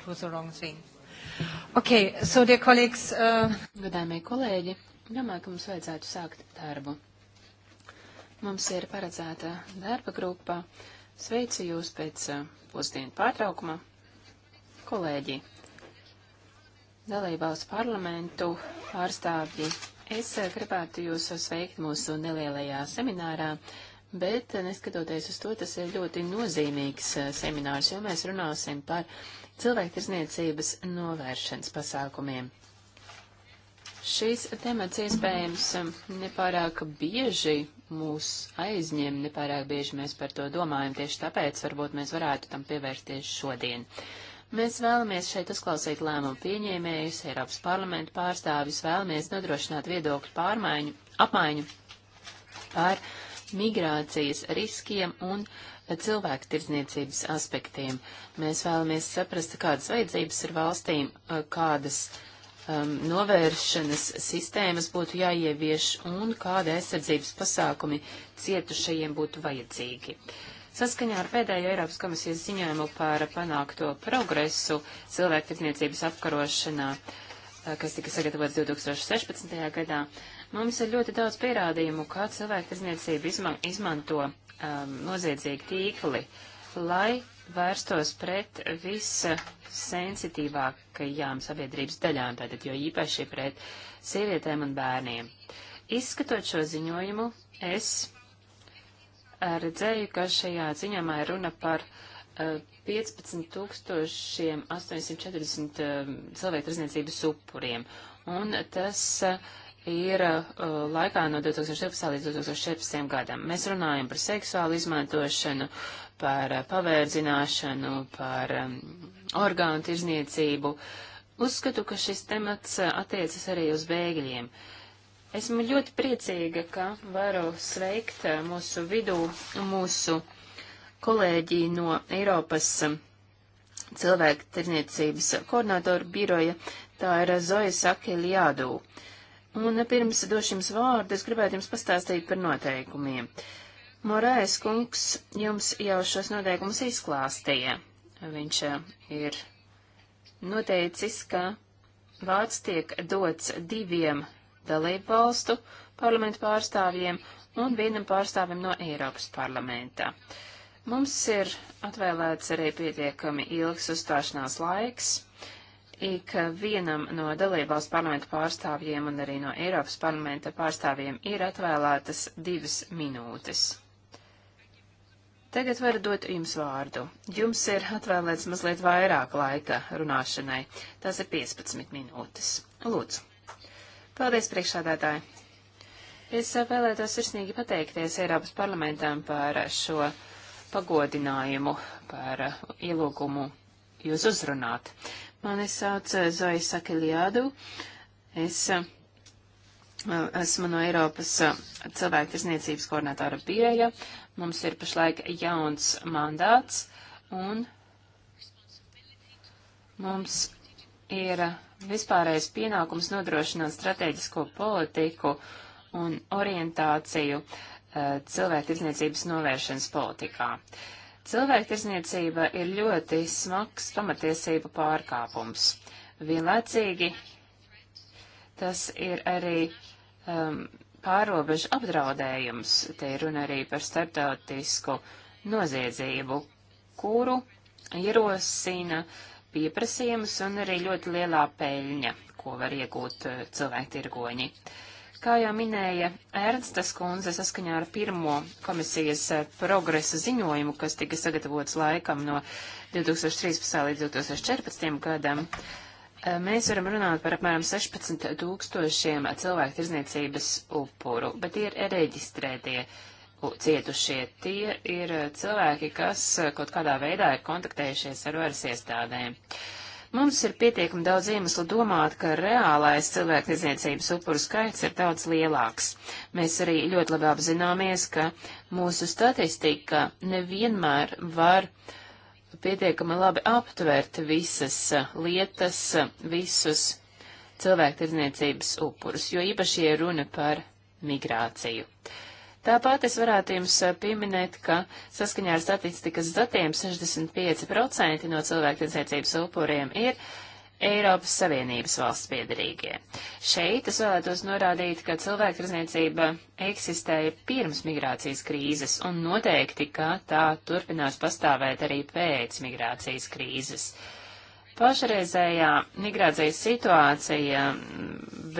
it was the wrong thing. Okay, so dear colleagues. Uh... Godājumie kolēģi, domāju, ka mums vajadzētu sākt darbu. Mums ir paredzēta darba grupa. Sveicu jūs pēc uh, pusdienu pārtraukuma. Kolēģi, dalībvalstu parlamentu pārstāvji, es uh, gribētu jūs sveikt mūsu nelielajā seminārā. Uh, bet eh, neskatoties uz to, tas ir ļoti nozīmīgs eh, seminārs, jo mēs runāsim par cilvēktirzniecības novēršanas pasākumiem. Šīs temats iespējams eh, nepārāk bieži mūs aizņem, nepārāk bieži mēs par to domājam, tieši tāpēc varbūt mēs varētu tam pievērsties šodien. Mēs vēlamies šeit uzklausīt lēmumu pieņēmējus, Eiropas parlamentu pārstāvis, vēlamies nodrošināt viedokļu pārmaiņu, apmaiņu par uh, migrācijas riskiem un cilvēku tirdzniecības aspektiem. Mēs vēlamies saprast, kādas vajadzības ir valstīm, kādas um, novēršanas sistēmas būtu jāievieš un kāda aizsardzības pasākumi cietušajiem būtu vajadzīgi. Saskaņā ar pēdējo Eiropas komisijas ziņojumu par panākto progresu cilvēku tirdzniecības apkarošanā, kas tika sagatavots 2016. gadā, uh, Mums ir ļoti daudz pierādījumu, kā cilvēku tirzniecība izman, izmanto um, noziedzīgi tīkli, lai vērstos pret vissensitīvākajām sabiedrības daļām, tātad jo īpaši pret sievietēm un bērniem. Izskatot šo ziņojumu, es redzēju, ka šajā ziņojumā ir runa par uh, 15 840 uh, cilvēku tirzniecības upuriem, un tas uh, ir uh, laikā no 2017. līdz 2014. gadam. Mēs runājam par seksuālu izmantošanu, par uh, pavērdzināšanu, par um, orgānu tirzniecību. Uzskatu, ka šis temats uh, attiecas arī uz bēgļiem. Esmu ļoti priecīga, ka varu sveikt uh, mūsu vidū mūsu kolēģi no Eiropas um, cilvēku tirzniecības koordinātoru biroja, tā ir Zoja Sakeliādū. Uh, Un pirms došu jums vārdu, es gribētu jums pastāstīt par noteikumiem. Morais kungs jums jau šos noteikumus izklāstīja. Viņš eh, ir noteicis, ka vārds tiek dots diviem dalību valstu parlamentu pārstāvjiem un vienam pārstāvim no Eiropas parlamentā. Mums ir atvēlēts arī pietiekami ilgs uzstāšanās laiks ik vienam no dalībvalsts parlamenta pārstāvjiem un arī no Eiropas parlamenta pārstāvjiem ir atvēlētas divas minūtes. Tagad varu dot jums vārdu. Jums ir atvēlēts mazliet vairāk laika runāšanai. Tās ir 15 minūtes. Lūdzu. Paldies, priekšādātāji. Es vēlētos sirsnīgi pateikties Eiropas parlamentam par šo pagodinājumu, par ielūgumu jūs uzrunāt. Mani sauc eh, Zoja Sakeliādu. Es eh, esmu no Eiropas eh, cilvēktiesniecības koordinatora pieeja. Mums ir pašlaik jauns mandāts un mums ir vispārējais pienākums nodrošināt strateģisko politiku un orientāciju cilvēktiesniecības novēršanas politikā. Uh, Cilvēktirzniecība ir ļoti smags pamatiesību pārkāpums. Vienlaicīgi tas ir arī um, pārobežu apdraudējums. Te ir runa arī par starptautisku noziedzību, kuru ierosina pieprasījums un arī ļoti lielā peļņa, ko var iegūt uh, cilvēktirgoņi. Uh, Kā jau minēja Ernstas kundze saskaņā ar pirmo komisijas eh, progresa ziņojumu, kas tika sagatavots laikam no 2013. līdz 2014. gadam, eh, mēs varam runāt par apmēram 16 tūkstošiem cilvēku tirzniecības upuru, bet tie ir reģistrētie cietušie. Tie ir eh, cilvēki, kas kaut kādā veidā ir kontaktējušies ar varas iestādēm. Uh, Mums ir pietiekami daudz iemeslu domāt, ka reālais cilvēktiesniecības upuru skaits ir daudz lielāks. Mēs arī ļoti labi apzināmies, ka mūsu statistika nevienmēr var pietiekami labi aptvert visas eh, lietas, eh, visus cilvēktiesniecības upurus, jo īpaši ir runa par migrāciju. Uh, Tāpat es varētu jums eh, pieminēt, ka saskaņā ar statistikas datiem 65% no cilvēktiesniecības upuriem ir Eiropas Savienības valsts piedarīgie. Šeit es vēlētos norādīt, ka cilvēktiesniecība eksistēja pirms migrācijas krīzes un noteikti, ka tā turpinās pastāvēt arī pēc migrācijas krīzes pašreizējā migrācijas situācija,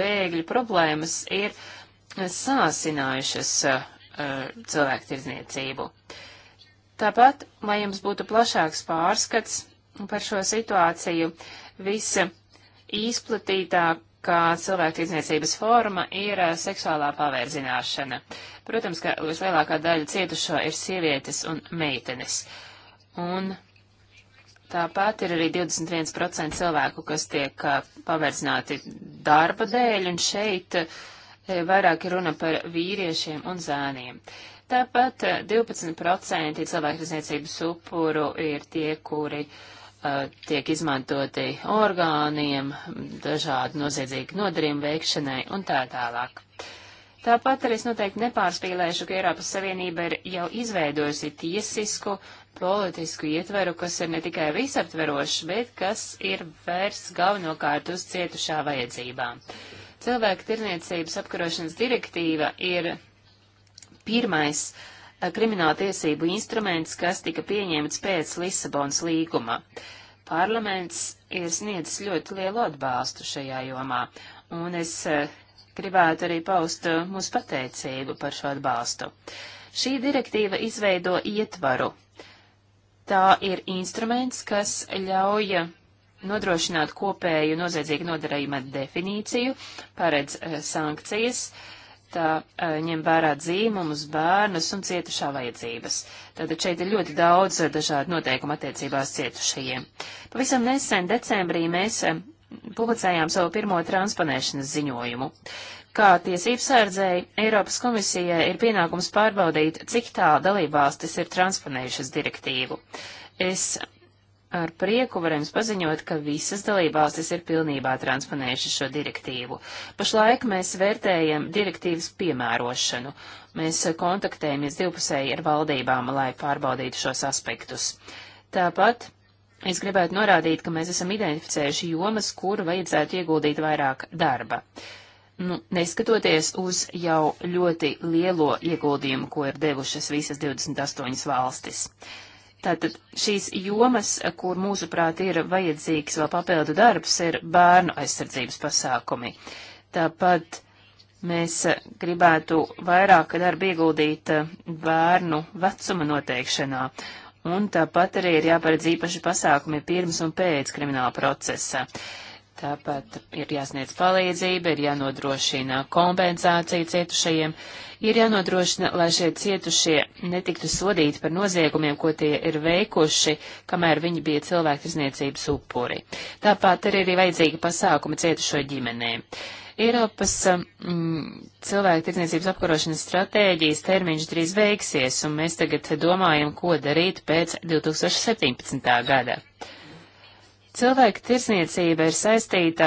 bēgļu problēmas ir sāsinājušas uh, cilvēku tirdzniecību. Tāpat, lai jums būtu plašāks pārskats par šo situāciju, visa izplatītākā cilvēku tirdzniecības forma ir uh, seksuālā pavērzināšana. Protams, ka vislielākā daļa cietušo ir sievietes un meitenes. Un Tāpat ir arī 21% cilvēku, kas tiek eh, pavērdzināti darba dēļ, un šeit E, vairāk runa par vīriešiem un zēniem. Tāpat 12% e, cilvēktiesniecības upuru ir tie, kuri uh, tiek izmantoti orgāniem, dažādu noziedzīgu nodarījumu veikšanai un tā tālāk. Tāpat arī es noteikti nepārspīlēšu, ka Eiropas Savienība ir jau izveidojusi tiesisku, politisku ietveru, kas ir ne tikai visaptverošs, bet kas ir vērsts galvenokārt uz cietušā vajadzībām. Uh, Cilvēku tirniecības apkarošanas direktīva ir pirmais eh, krimināla tiesību instruments, kas tika pieņemts pēc Lisabonas līguma. Parlaments ir sniedzis ļoti lielu atbalstu šajā jomā, un es eh, gribētu arī paust eh, mūsu pateicību par šo atbalstu. Šī direktīva izveido ietvaru. Tā ir instruments, kas ļauj nodrošināt kopēju noziedzīgu nodarījuma definīciju, paredz eh, sankcijas, tā eh, ņem vērā dzīmumus, bērnus un cietušā vajadzības. Tātad šeit ir ļoti daudz eh, dažādu noteikumu attiecībās cietušajiem. Pavisam nesen decembrī mēs publicējām savu pirmo transponēšanas ziņojumu. Kā tiesības sārdzēji, Eiropas komisijai ir pienākums pārbaudīt, cik tālu dalībvalstis ir transponējušas direktīvu. Es ar prieku varam paziņot, ka visas dalībvalstis ir pilnībā transponējušas šo direktīvu. Pašlaik mēs vērtējam direktīvas piemērošanu. Mēs kontaktējamies divpusēji ar valdībām, lai pārbaudītu šos aspektus. Tāpat es gribētu norādīt, ka mēs esam identificējuši jomas, kur vajadzētu ieguldīt vairāk darba. Nu, neskatoties uz jau ļoti lielo ieguldījumu, ko ir devušas visas 28 valstis. Tātad šīs jomas, kur mūsuprāt ir vajadzīgs vēl papildu darbs, ir bērnu aizsardzības pasākumi. Tāpat mēs gribētu vairāk darba ieguldīt bērnu vecuma noteikšanā. Un tāpat arī ir jāparedz īpaši pasākumi pirms un pēc krimināla procesa. Uh, Tāpat ir jāsniedz palīdzība, ir jānodrošina kompensācija cietušajiem, ir jānodrošina, lai šie cietušie netiktu sodīti par noziegumiem, ko tie ir veikuši, kamēr viņi bija cilvēktiesniecības upuri. Tāpat ir arī vajadzīga pasākuma cietušo ģimenēm. Eiropas mm, cilvēku tirdzniecības apkarošanas stratēģijas termiņš drīz beigsies, un mēs tagad domājam, ko darīt pēc 2017. gada. Cilvēka tirsniecība ir saistīta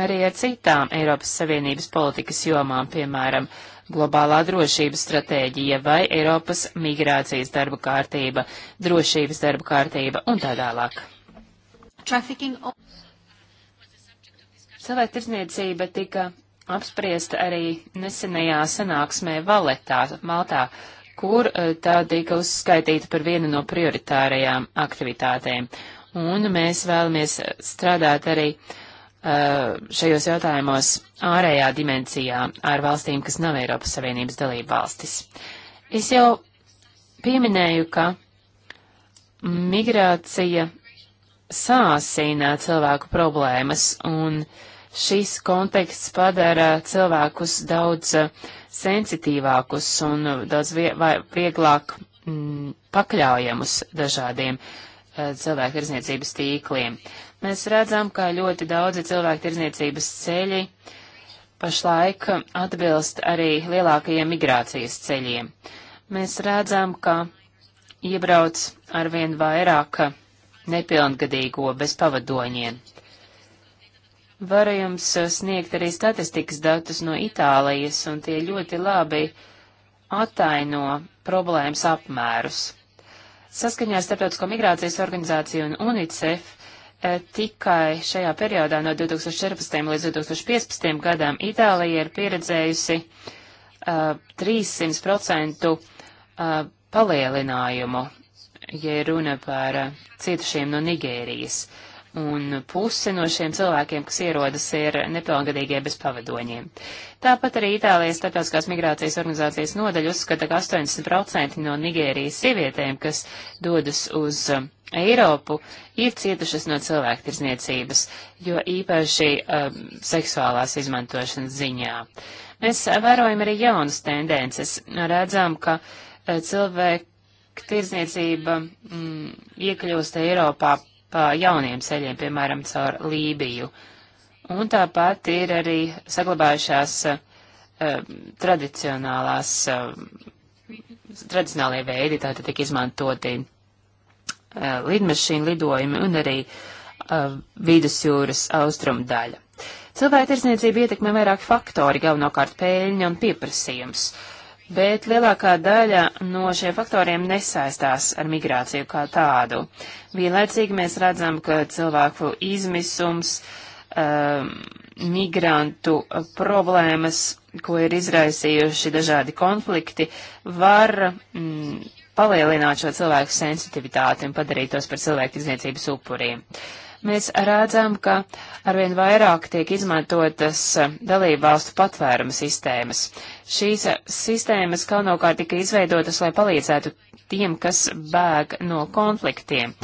arī ar citām Eiropas Savienības politikas jomām, piemēram, globālā drošības stratēģija vai Eiropas migrācijas darba kārtība, drošības darba kārtība un tā tālāk. Cilvēka tirsniecība tika apspriesta arī nesenajā sanāksmē Valetā, Maltā, kur eh, tā tika uzskaitīta par vienu no prioritārajām aktivitātēm. Uh, un mēs vēlamies strādāt arī uh, šajos jautājumos ārējā dimensijā ar valstīm, kas nav Eiropas Savienības dalība valstis. Es jau pieminēju, ka migrācija sāsīnā cilvēku problēmas, un šis konteksts padara cilvēkus daudz uh, sensitīvākus un uh, daudz vie vieglāk m, mm, pakļaujamus dažādiem uh, Eh, cilvēku tirzniecības tīkliem. Mēs redzam, ka ļoti daudzi cilvēku tirzniecības ceļi pašlaik atbilst arī lielākajiem migrācijas ceļiem. Mēs redzam, ka iebrauc arvien vairāk nepilngadīgo bez pavadoņiem. Varu jums sniegt arī statistikas datus no Itālijas, un tie ļoti labi ataino problēmas apmērus. Saskaņā ar Starptautisko migrācijas organizāciju un UNICEF eh, tikai šajā periodā no 2014. līdz 2015. gadam Itālija ir pieredzējusi uh, 300% uh, palielinājumu, ja runa par uh, eh, cietušiem no Nigērijas. Uh, un puse no šiem cilvēkiem, kas ierodas, ir nepilngadīgie bez pavadoņiem. Tāpat arī Itālijas starptautiskās migrācijas organizācijas nodaļa uzskata, ka 80% no Nigērijas sievietēm, kas dodas uz um, Eiropu, ir cietušas no cilvēktirzniecības, jo īpaši um, seksuālās izmantošanas ziņā. Mēs vērojam arī jaunas tendences. Redzam, ka uh, cilvēku tirzniecība mm, iekļūst Eiropā pa jauniem ceļiem, piemēram, caur Lībiju. Un tāpat ir arī saglabājušās uh, tradicionālās, uh, tradicionālie veidi, tātad tiek izmantoti uh, lidmašīnu lidojumi un arī vidusjūras austrumu daļa. Cilvēku tirsniecība ietekmē vairāk faktori, galvenokārt pēļņa un pieprasījums. Uh, bet lielākā daļa no šiem faktoriem nesaistās ar migrāciju kā tādu. Vienlaicīgi mēs redzam, ka cilvēku izmisums, um, migrantu uh, problēmas, ko ir izraisījuši dažādi konflikti, var mm, palielināt šo cilvēku sensitivitāti un padarīt tos par cilvēku izniecības upuriem. Uh, mēs redzam, ka arvien vairāk tiek izmantotas eh, dalībvalstu patvērumu sistēmas. Šīs eh, sistēmas galvenokārt tika izveidotas, lai palīdzētu tiem, kas bēg no konfliktiem.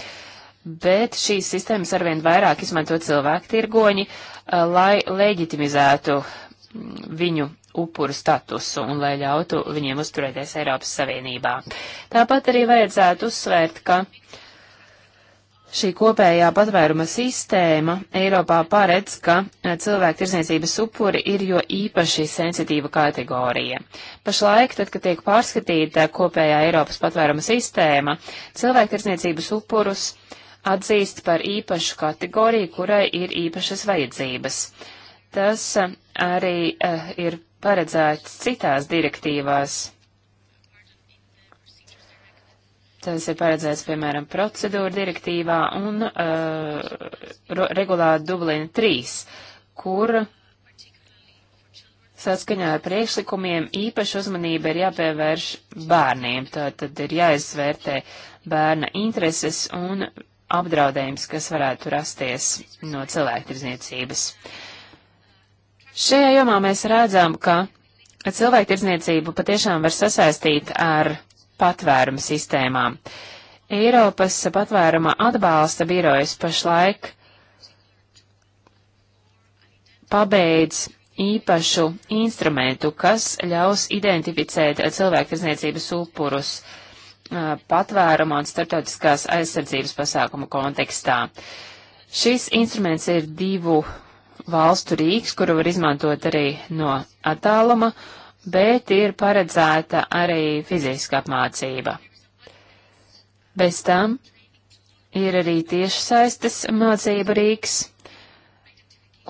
Bet šīs sistēmas arvien vairāk izmanto cilvēku tirgoņi, eh, lai leģitimizētu mm, viņu upuru statusu un lai ļautu viņiem uzturēties Eiropas Savienībā. Tāpat arī vajadzētu uzsvērt, ka uh, Šī kopējā patvēruma sistēma Eiropā paredz, ka e, cilvēku tirzniecības upuri ir jo īpaši sensitīva kategorija. Pašlaik, tad, kad tiek pārskatīta kopējā Eiropas patvēruma sistēma, cilvēku tirzniecības upurus atzīst par īpašu kategoriju, kurai ir īpašas vajadzības. Tas e, arī uh, ir paredzēts citās direktīvās. Tas ir paredzēts, piemēram, procedūra direktīvā un uh, regulā Dublina 3, kur saskaņā ar priekšlikumiem īpaši uzmanība ir jāpievērš bērniem. Tātad ir jāizvērtē bērna intereses un apdraudējums, kas varētu rasties no cilvēktirdzniecības. Šajā jomā mēs redzam, ka cilvēktirdzniecību patiešām var sasaistīt ar patvēruma sistēmām. Eiropas patvēruma atbalsta birojas pašlaik pabeidz īpašu instrumentu, kas ļaus identificēt cilvēktiesniecības upurus patvēruma un starptautiskās aizsardzības pasākumu kontekstā. Šis instruments ir divu valstu rīks, kuru var izmantot arī no attāluma, bet ir paredzēta arī fiziska apmācība. Bez tam ir arī tiešsaistes mācība rīks,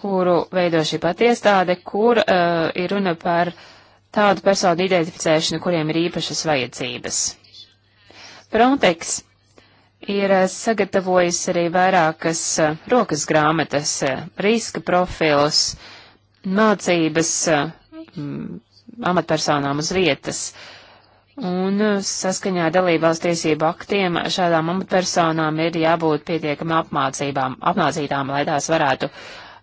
kuru veido šī patiestāde, kur uh, ir runa par tādu personu identificēšanu, kuriem ir īpašas vajadzības. Frontex ir uh, sagatavojis arī vairākas uh, rokas grāmatas, uh, riska profilus, mācības. Uh, amatpersonām uz vietas. Un uh, saskaņā dalībās tiesību aktiem šādām amatpersonām ir jābūt pietiekami apmācībām, apmācītām, lai tās varētu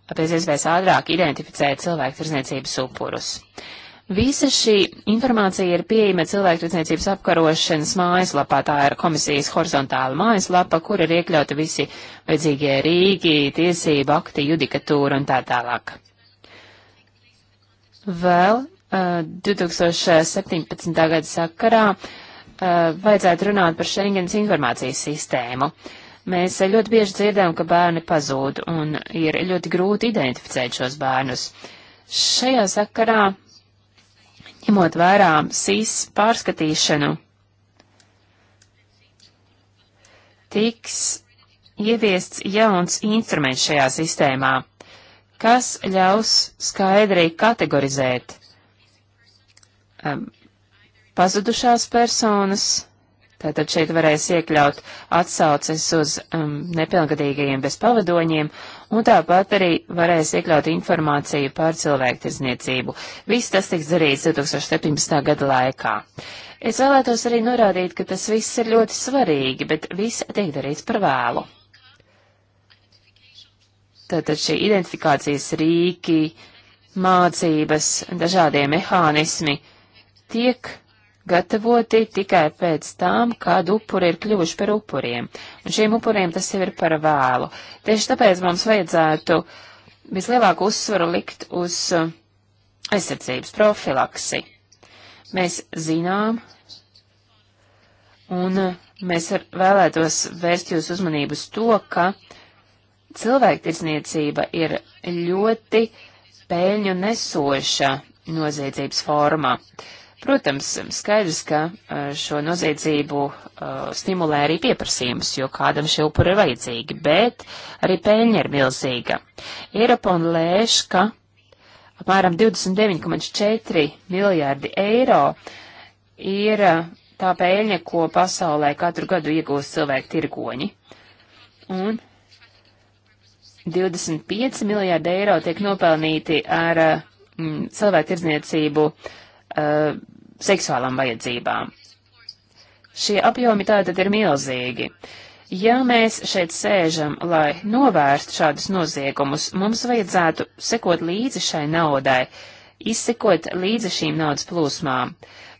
pēc iespējas ātrāk identificēt cilvēku tirzniecības upurus. Visa šī informācija ir pieejama cilvēktirdzniecības apkarošanas mājaslapā. Tā ir komisijas horizontāla mājaslapa, kur ir iekļauti visi vajadzīgie rīki, tiesība, akti, judikatūra un tā tālāk. Vēl 2017. Uh, gada sakarā uh, vajadzētu runāt par Schengens informācijas sistēmu. Mēs ļoti bieži dzirdam, ka bērni pazūd un ir ļoti grūti identificēt šos bērnus. Šajā sakarā, ņemot vērā SIS pārskatīšanu, tiks ieviests jauns instruments šajā sistēmā, kas ļaus skaidri kategorizēt um, pazudušās personas. Tātad šeit varēs iekļaut atsauces uz um, nepilngadīgajiem bez pavadoņiem, un tāpat arī varēs iekļaut informāciju par cilvēktiesniecību. Viss tas tiks darīts 2017. gada laikā. Es vēlētos arī norādīt, ka tas viss ir ļoti svarīgi, bet viss tiek darīts par vēlu. Tātad šī identifikācijas rīki, mācības, dažādie mehānismi tiek gatavoti tikai pēc tām, kad upuri ir kļuvuši par upuriem. Un šiem upuriem tas jau ir par vēlu. Tieši tāpēc mums vajadzētu vislielāku uzsvaru likt uz uh, aizsardzības profilaksi. Mēs zinām, un uh, mēs vēlētos vērst jūs uzmanību uz to, ka cilvēktirsniecība ir ļoti peļņu nesoša noziedzības forma. Uh, Protams, skaidrs, ka eh, šo noziedzību uh, stimulē arī pieprasījums, jo kādam šie upuri ir vajadzīgi, bet arī peļņa ir milzīga. Eiropon lēš, ka apmēram 29,4 miljārdi eiro ir eh, tā peļņa, ko pasaulē katru gadu iegūst cilvēku tirgoņi. Un 25 miljārdi eiro tiek nopelnīti ar mm, cilvēku tirdzniecību uh, uh, seksuālām vajadzībām. Šie apjomi tātad ir milzīgi. Ja mēs šeit sēžam, lai novērstu šādus noziegumus, mums vajadzētu sekot līdzi šai naudai, izsekot līdzi šīm naudas plūsmām.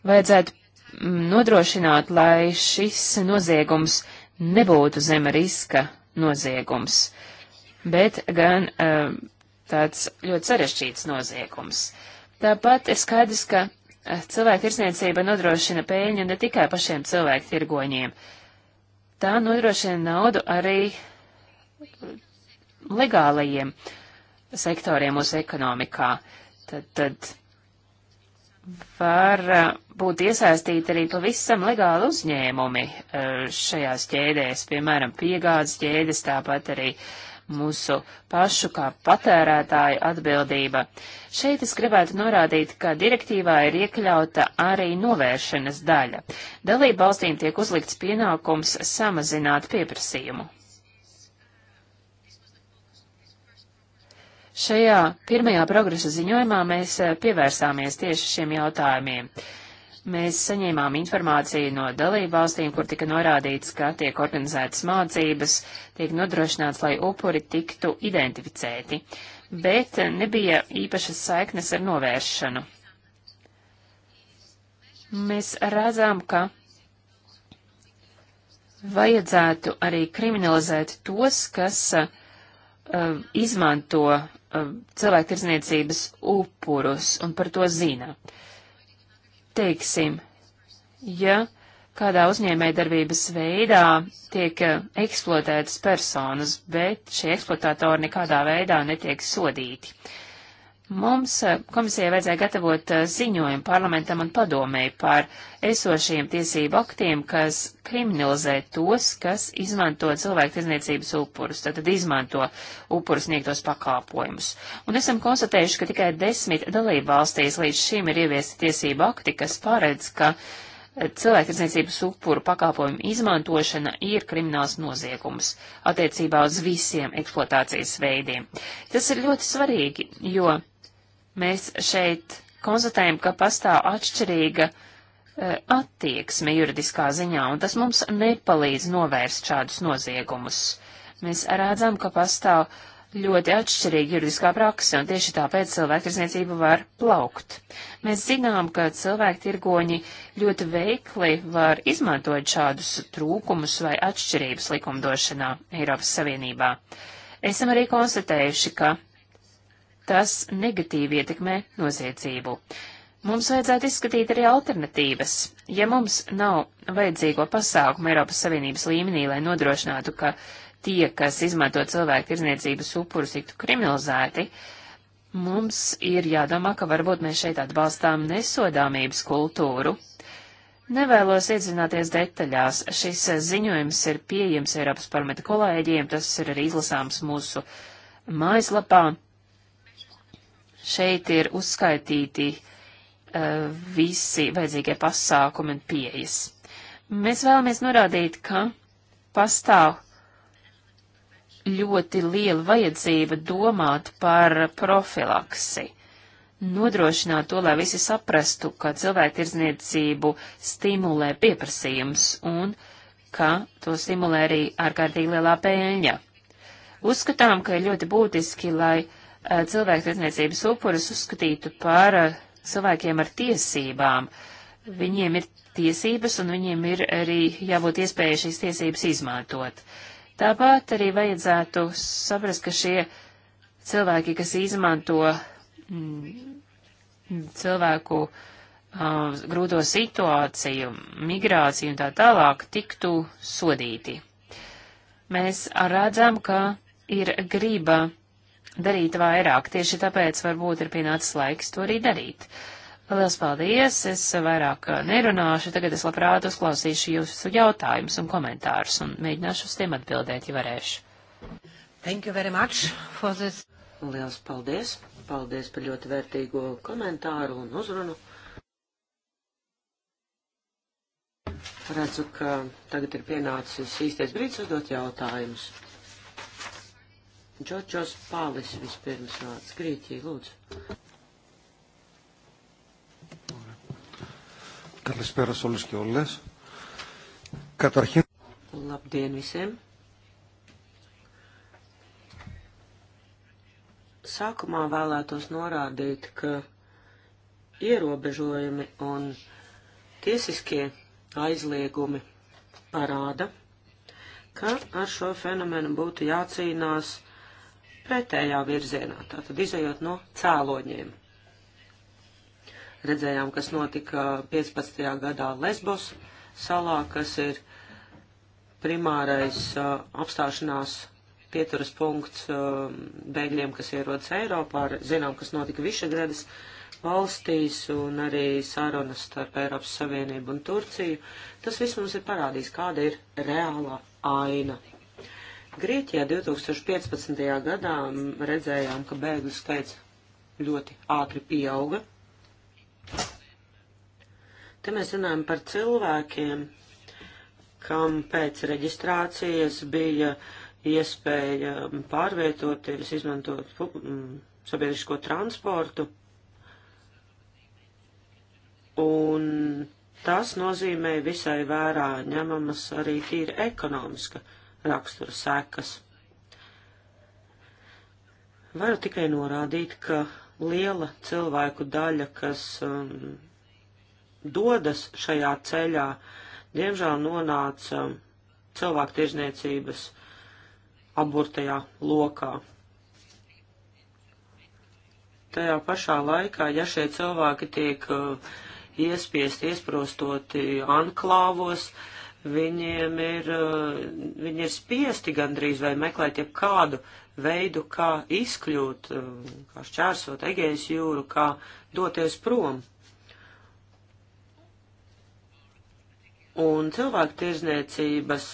Vajadzētu mm, nodrošināt, lai šis noziegums nebūtu zema riska noziegums, bet gan uh, tāds ļoti sarežģīts noziegums. Tāpat ir skaidrs, ka cilvēku tirsniecība nodrošina pēļņu ne tikai pašiem cilvēku tirgoņiem. Tā nodrošina naudu arī legālajiem sektoriem mūsu ekonomikā. Tad, tad var eh, būt iesaistīti arī pavisam legāli uzņēmumi eh, šajās ķēdēs, piemēram, piegādes ķēdes, tāpat arī mūsu pašu kā patērētāju atbildība. Šeit es gribētu norādīt, ka direktīvā ir iekļauta arī novēršanas daļa. Dalība valstīm tiek uzlikts pienākums samazināt pieprasījumu. Šajā pirmajā progresa ziņojumā mēs pievērsāmies tieši šiem jautājumiem. Uh, Mēs saņēmām informāciju no dalību valstīm, kur tika norādīts, ka tiek organizētas mācības, tiek nodrošināts, lai upuri tiktu identificēti, bet nebija īpašas saiknes ar novēršanu. Mēs redzam, ka vajadzētu arī kriminalizēt tos, kas uh, izmanto uh, cilvēktirzniecības upurus un par to zina. Uh, Teiksim, ja kādā uzņēmējdarbības veidā tiek eksploatētas personas, bet šie eksploatātori nekādā veidā netiek sodīti. Uh, Mums eh, komisijai vajadzēja gatavot eh, ziņojumu parlamentam un padomēji par esošajiem tiesību aktiem, kas kriminalizē tos, kas izmanto cilvēku tirdzniecības upurus, tātad izmanto upurus sniegtos pakāpojumus. Un esam konstatējuši, ka tikai desmit dalību valstīs līdz šim ir ieviesti tiesību akti, kas paredz, ka eh, cilvēku tirdzniecības upuru pakāpojumu izmantošana ir krimināls noziegums attiecībā uz visiem eksploatācijas veidiem. Tas ir ļoti svarīgi, jo Mēs šeit konstatējam, ka pastāv atšķirīga e, attieksme juridiskā ziņā, un tas mums nepalīdz novērst šādus noziegumus. Mēs redzam, ka pastāv ļoti atšķirīga juridiskā praksa, un tieši tāpēc cilvēktirdzniecība var plaukt. Mēs zinām, ka cilvēktirgoņi ļoti veikli var izmantot šādus trūkumus vai atšķirības likumdošanā Eiropas Savienībā. Esam arī konstatējuši, ka Tas negatīvi ietekmē noziedzību. Mums vajadzētu izskatīt arī alternatīvas. Ja mums nav vajadzīgo pasākumu Eiropas Savienības līmenī, lai nodrošinātu, ka tie, kas izmanto cilvēku tirzniecības upurus, tiktu kriminalizēti, mums ir jādomā, ka varbūt mēs šeit atbalstām nesodāmības kultūru. Nevēlos iedzināties detaļās. Šis ziņojums ir pieejams Eiropas parlamenta kolēģiem, tas ir arī izlasāms mūsu mājaslapā. Šeit ir uzskaitīti uh, visi vajadzīgie pasākumi un pieejas. Mēs vēlamies norādīt, ka pastāv ļoti liela vajadzība domāt par profilaksi, nodrošināt to, lai visi saprastu, ka cilvēktirdzniecību stimulē pieprasījums un ka to stimulē arī ārkārtīgi lielā pēļņa. Uzskatām, ka ir ļoti būtiski, lai Eh, cilvēku tirdzniecības upurus uzskatītu par eh, cilvēkiem ar tiesībām. Viņiem ir tiesības un viņiem ir arī jābūt iespēja šīs tiesības izmantot. Tāpat arī vajadzētu saprast, ka šie cilvēki, kas izmanto m, mm, cilvēku m, eh, grūto situāciju, migrāciju un tā tālāk, tiktu sodīti. Mēs redzam, ka ir griba darīt vairāk. Tieši tāpēc varbūt ir pienācis laiks to arī darīt. Lielas paldies! Es vairāk uh, nerunāšu. Tagad es labprāt uzklausīšu jūsu jautājumus un komentārus un mēģināšu uz tiem atbildēt, ja varēšu. Thank you very much for this. Lielas paldies! Paldies par ļoti vērtīgo komentāru un uzrunu. Redzu, ka tagad ir pienācis īstais brīdis uzdot jautājumus. Džočos Pāvis vispirms vārds. Grīķī, lūdzu. Καλησπέρα σε όλους και όλες. Καταρχήν... Labdien visiem! Sākumā vēlētos norādīt, ka ierobežojumi un tiesiskie aizliegumi parāda, ka ar šo fenomenu būtu jācīnās pretējā virzienā, tātad izējot no cēloņiem. Redzējām, kas notika 15. gadā Lesbos salā, kas ir primārais uh, apstāšanās pieturas punkts uh, bēgļiem, kas ierodas Eiropā. Zinām, kas notika Višagradas valstīs un arī sarunas starp Eiropas Savienību un Turciju. Tas viss mums ir parādījis, kāda ir reāla aina Grieķijā 2015. gadā redzējām, ka bēgļu skaits ļoti ātri pieauga. Te mēs runājam par cilvēkiem, kam pēc reģistrācijas bija iespēja pārvietoties, izmantot mm, sabiedrisko transportu. Un tas nozīmē visai vērā ņemamas arī tīri ekonomiska rakstura sekas. Varu tikai norādīt, ka liela cilvēku daļa, kas um, dodas šajā ceļā, diemžēl nonāca um, cilvēku tiežniecības aburtajā lokā. Tajā pašā laikā, ja šie cilvēki tiek uh, iespiesti, iesprostoti anklāvos, uh, Viņiem ir, eh, viņi ir spiesti gandrīz vai meklēt jau kādu veidu, kā izkļūt, eh, kā šķērsot Egejas jūru, kā doties prom. Un cilvēku tirzniecības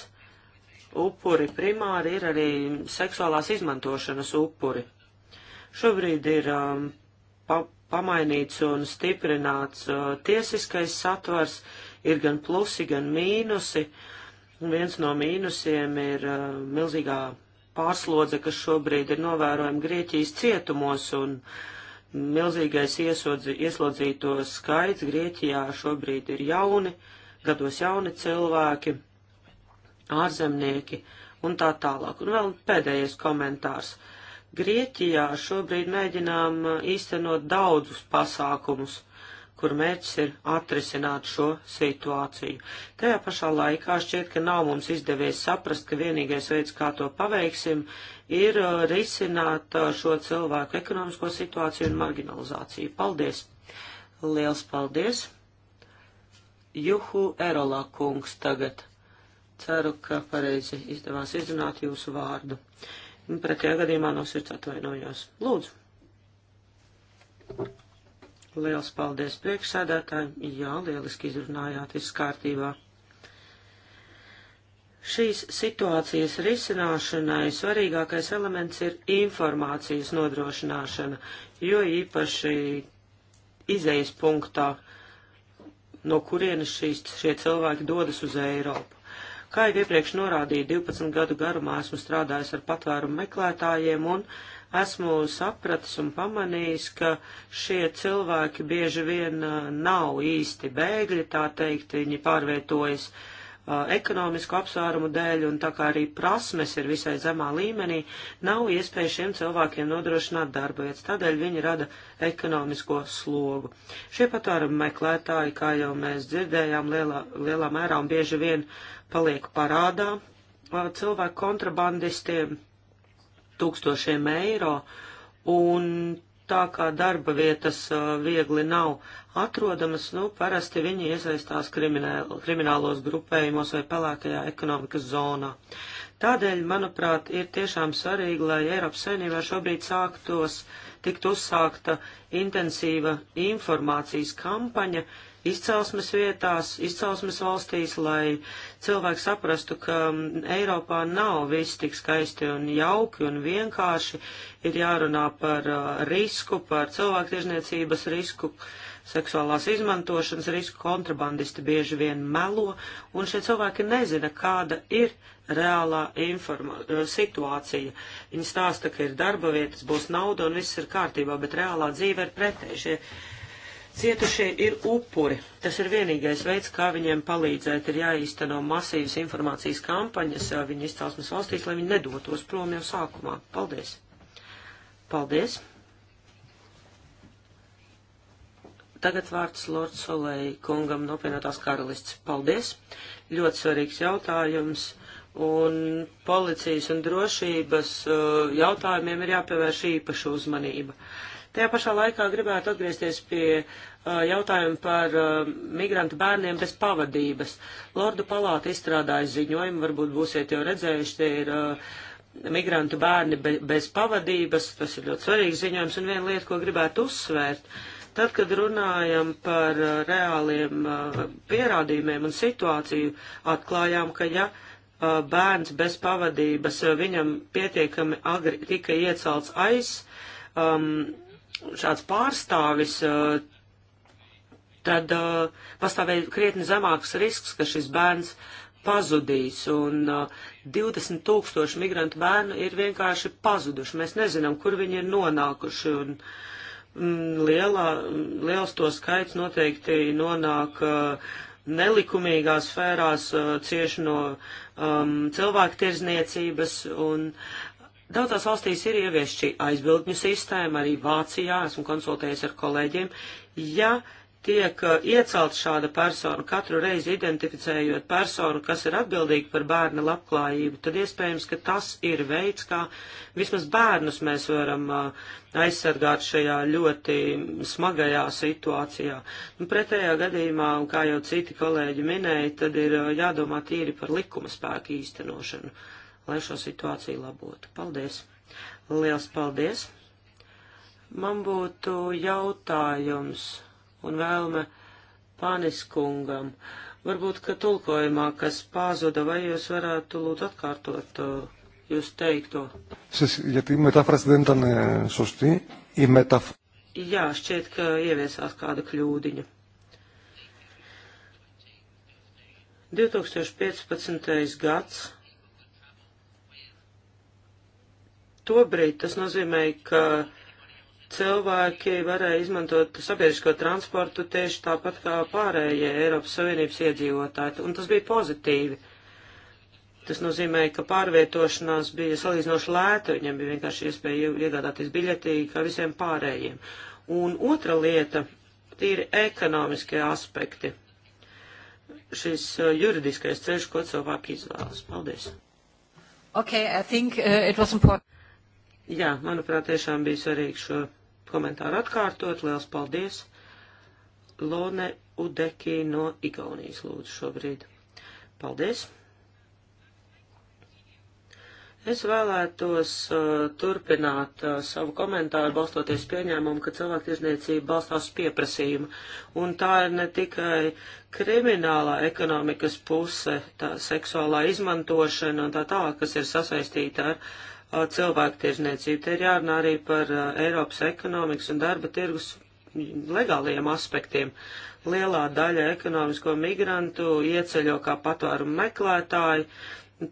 upuri primāri ir arī seksuālās izmantošanas upuri. Šobrīd ir um, pa, pamainīts un stiprināts uh, tiesiskais satvars, uh, ir gan plusi, gan mīnusi. Un viens no mīnusiem ir uh, milzīgā pārslodze, kas šobrīd ir novērojama Grieķijas cietumos, un milzīgais iesodzi, ieslodzīto skaits Grieķijā šobrīd ir jauni, gados jauni cilvēki, ārzemnieki un tā tālāk. Un vēl pēdējais komentārs. Grieķijā šobrīd mēģinām uh, īstenot daudzus pasākumus. Uh, kur mērķis ir atrisināt šo situāciju. Tajā pašā laikā šķiet, ka nav mums izdevies saprast, ka vienīgais veids, kā to paveiksim, ir uh, risināt uh, šo cilvēku ekonomisko situāciju un marginalizāciju. Paldies! Liels paldies! Juhu Erolā kungs tagad. Ceru, ka pareizi izdevās izrunāt jūsu vārdu. Pretējā gadījumā no sirds atvainojos. Lūdzu! Thank you. Liels paldies priekšsēdētājiem. Jā, lieliski izrunājāt, viss kārtībā. Šīs situācijas risināšanai svarīgākais elements ir informācijas nodrošināšana, jo īpaši izējas punktā, no kurienes šīs, šie cilvēki dodas uz Eiropu. Kā jau iepriekš norādīju, 12 gadu garumā esmu strādājis ar patvērumu meklētājiem un uh, esmu sapratis un pamanījis, ka šie cilvēki bieži vien uh, nav īsti bēgļi, tā teikt, viņi pārvietojas uh, ekonomisku apsvērumu dēļ, un tā kā arī prasmes ir visai zemā līmenī, nav iespēja šiem cilvēkiem nodrošināt darba vietas, tādēļ viņi rada ekonomisko slogu. Šie patvērumu meklētāji, kā jau mēs dzirdējām, lielā, lielā mērā un bieži vien paliek parādā uh, cilvēku kontrabandistiem, tūkstošiem eiro, un tā kā darba vietas viegli nav atrodamas, nu, parasti viņi iesaistās krimināl, kriminālos grupējumos vai pelēkajā ekonomikas zonā. Tādēļ, manuprāt, ir tiešām svarīgi, lai Eiropas saimnībā šobrīd sāktos tikt uzsākta intensīva informācijas kampaņa, izcelsmes vietās, izcelsmes valstīs, lai cilvēki saprastu, ka mm, Eiropā nav viss tik skaisti un jauki un vienkārši. Ir jārunā par uh, risku, par cilvēktiežniecības risku, seksuālās izmantošanas risku. Kontrabandisti bieži vien melo, un šie cilvēki nezina, kāda ir reālā informa uh, situācija. Viņi stāsta, ka ir darba vietas, būs nauda un viss ir kārtībā, bet reālā dzīve ir pretēji Cietušie ir upuri. Tas ir vienīgais veids, kā viņiem palīdzēt. Ir jāīsteno masīvas informācijas kampaņas viņu izcelsmes valstīs, lai viņi nedotos prom jau sākumā. Paldies! Paldies! Tagad vārds Lords Solēji kungam no pienotās karalists. Paldies! Ļoti svarīgs jautājums. Un policijas un drošības jautājumiem ir jāpievērš īpaša uzmanība. Uh, Tajā pašā laikā gribētu atgriezties pie uh, jautājuma par uh, migrantu bērniem bez pavadības. Lordu palāta izstrādāja ziņojumu, varbūt būsiet jau redzējuši, tie ir uh, migrantu bērni be, bez pavadības, tas ir ļoti svarīgs ziņojums, un viena lieta, ko gribētu uzsvērt, tad, kad runājam par uh, reāliem uh, pierādījumiem un situāciju, atklājām, ka ja uh, bērns bez pavadības, uh, viņam pietiekami agri tika iecelts aiz, um, šāds pārstāvis, eh, tad eh, pastāvēja krietni zemāks risks, ka šis bērns pazudīs, un 20 eh, tūkstoši migrantu bērnu ir vienkārši pazuduši. Mēs nezinām, kur viņi ir nonākuši, un mm, lielā, liels to skaits noteikti nonāk nelikumīgās sfērās, cieši no um, ehm, cilvēku tirzniecības, un uh, Daudzās valstīs ir ieviest šī aizbildņu sistēma, arī Vācijā, esmu konsultējies ar kolēģiem, ja tiek uh, iecelt šāda persona, katru reizi identificējot personu, kas ir atbildīga par bērna labklājību, tad iespējams, ka tas ir veids, kā vismaz bērnus mēs varam uh, aizsargāt šajā ļoti smagajā situācijā. Nu, pretējā gadījumā, kā jau citi kolēģi minēja, tad ir uh, jādomā tīri par likuma spēku īstenošanu. Uh, lai šo situāciju labotu. Paldies! Liels paldies! Man būtu jautājums un vēlme paniskungam. Varbūt, ka tulkojumā, kas pāzuda, vai jūs varētu lūdzu atkārtot uh, jūs teikto? Γιατί η μετάφραση δεν ήταν σωστή, η μετάφραση. Jā, šķiet, ka ieviesās kāda kļūdiņa. 2015. gads Tobrīd tas nozīmēja, ka cilvēki varēja izmantot sabiedrisko transportu tieši tāpat kā pārējie Eiropas Savienības iedzīvotāji, un tas bija pozitīvi. Tas nozīmē, ka pārvietošanās bija salīdzinoši lēta, viņiem bija vienkārši iespēja iegādāties biļetī kā visiem pārējiem. Un otra lieta - tīri ekonomiskie aspekti. Šis uh, juridiskais ceļš, ko cilvēki izvēlas. Paldies. Okay, I think, uh, it was important. Jā, manuprāt, tiešām bija svarīgi šo komentāru atkārtot. Liels paldies! Lone Udeki no Igaunijas lūdzu šobrīd. Paldies! Es vēlētos uh, turpināt uh, savu komentāru balstoties pieņēmumu, ka cilvēktiesniecība balstās pieprasījuma. Un tā ir ne tikai kriminālā ekonomikas puse, tā seksuālā izmantošana un tā tālāk, kas ir sasaistīta ar uh, cilvēktiežniecību. Te ir jārunā arī par Eiropas ekonomikas un darba tirgus legāliem aspektiem. Lielā daļa ekonomisko migrantu ieceļo kā patvērumu meklētāji,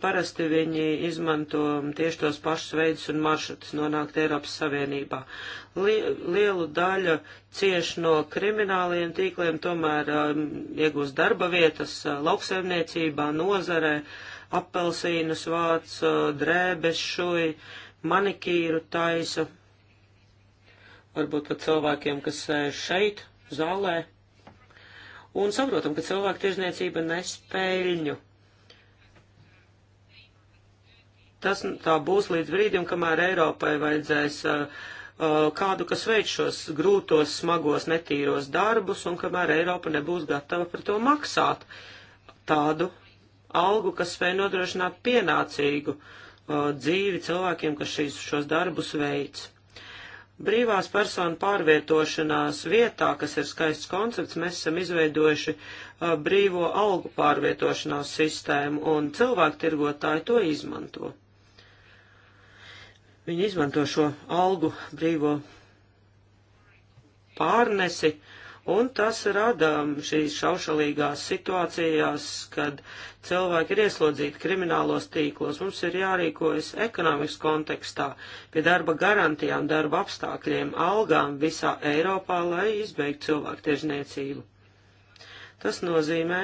Parasti viņi izmanto tieši tos pašus veidus un maršrutus nonākt Eiropas Savienībā. Lielu daļu cieši no krimināliem tīkliem, tomēr um, iegūst darba vietas uh, lauksaimniecībā, nozarē, apelsīnus vāc, uh, drēbes šui, manikīru taisa. Varbūt pat cilvēkiem, kas sēž šeit, zālē. Un saprotam, ka cilvēku tirzniecība nespēļņu Tas tā būs līdz brīdim, kamēr Eiropai vajadzēs uh, uh, kādu, kas veic šos grūtos, smagos, netīros darbus, un kamēr Eiropa nebūs gatava par to maksāt tādu algu, kas spēj nodrošināt pienācīgu uh, dzīvi cilvēkiem, kas šīs, šos darbus veic. Brīvās personu pārvietošanās vietā, kas ir skaists koncepts, mēs esam izveidojuši uh, brīvo algu pārvietošanās sistēmu, un cilvēku tirgotāji to izmanto. Viņi izmanto šo algu brīvo pārnesi, un tas rada šīs šaušalīgās situācijās, kad cilvēki ir ieslodzīti kriminālos tīklos. Mums ir jārīkojas ekonomikas kontekstā pie darba garantijām, darba apstākļiem, algām visā Eiropā, lai izbeigtu cilvēku tiežniecību. Tas nozīmē,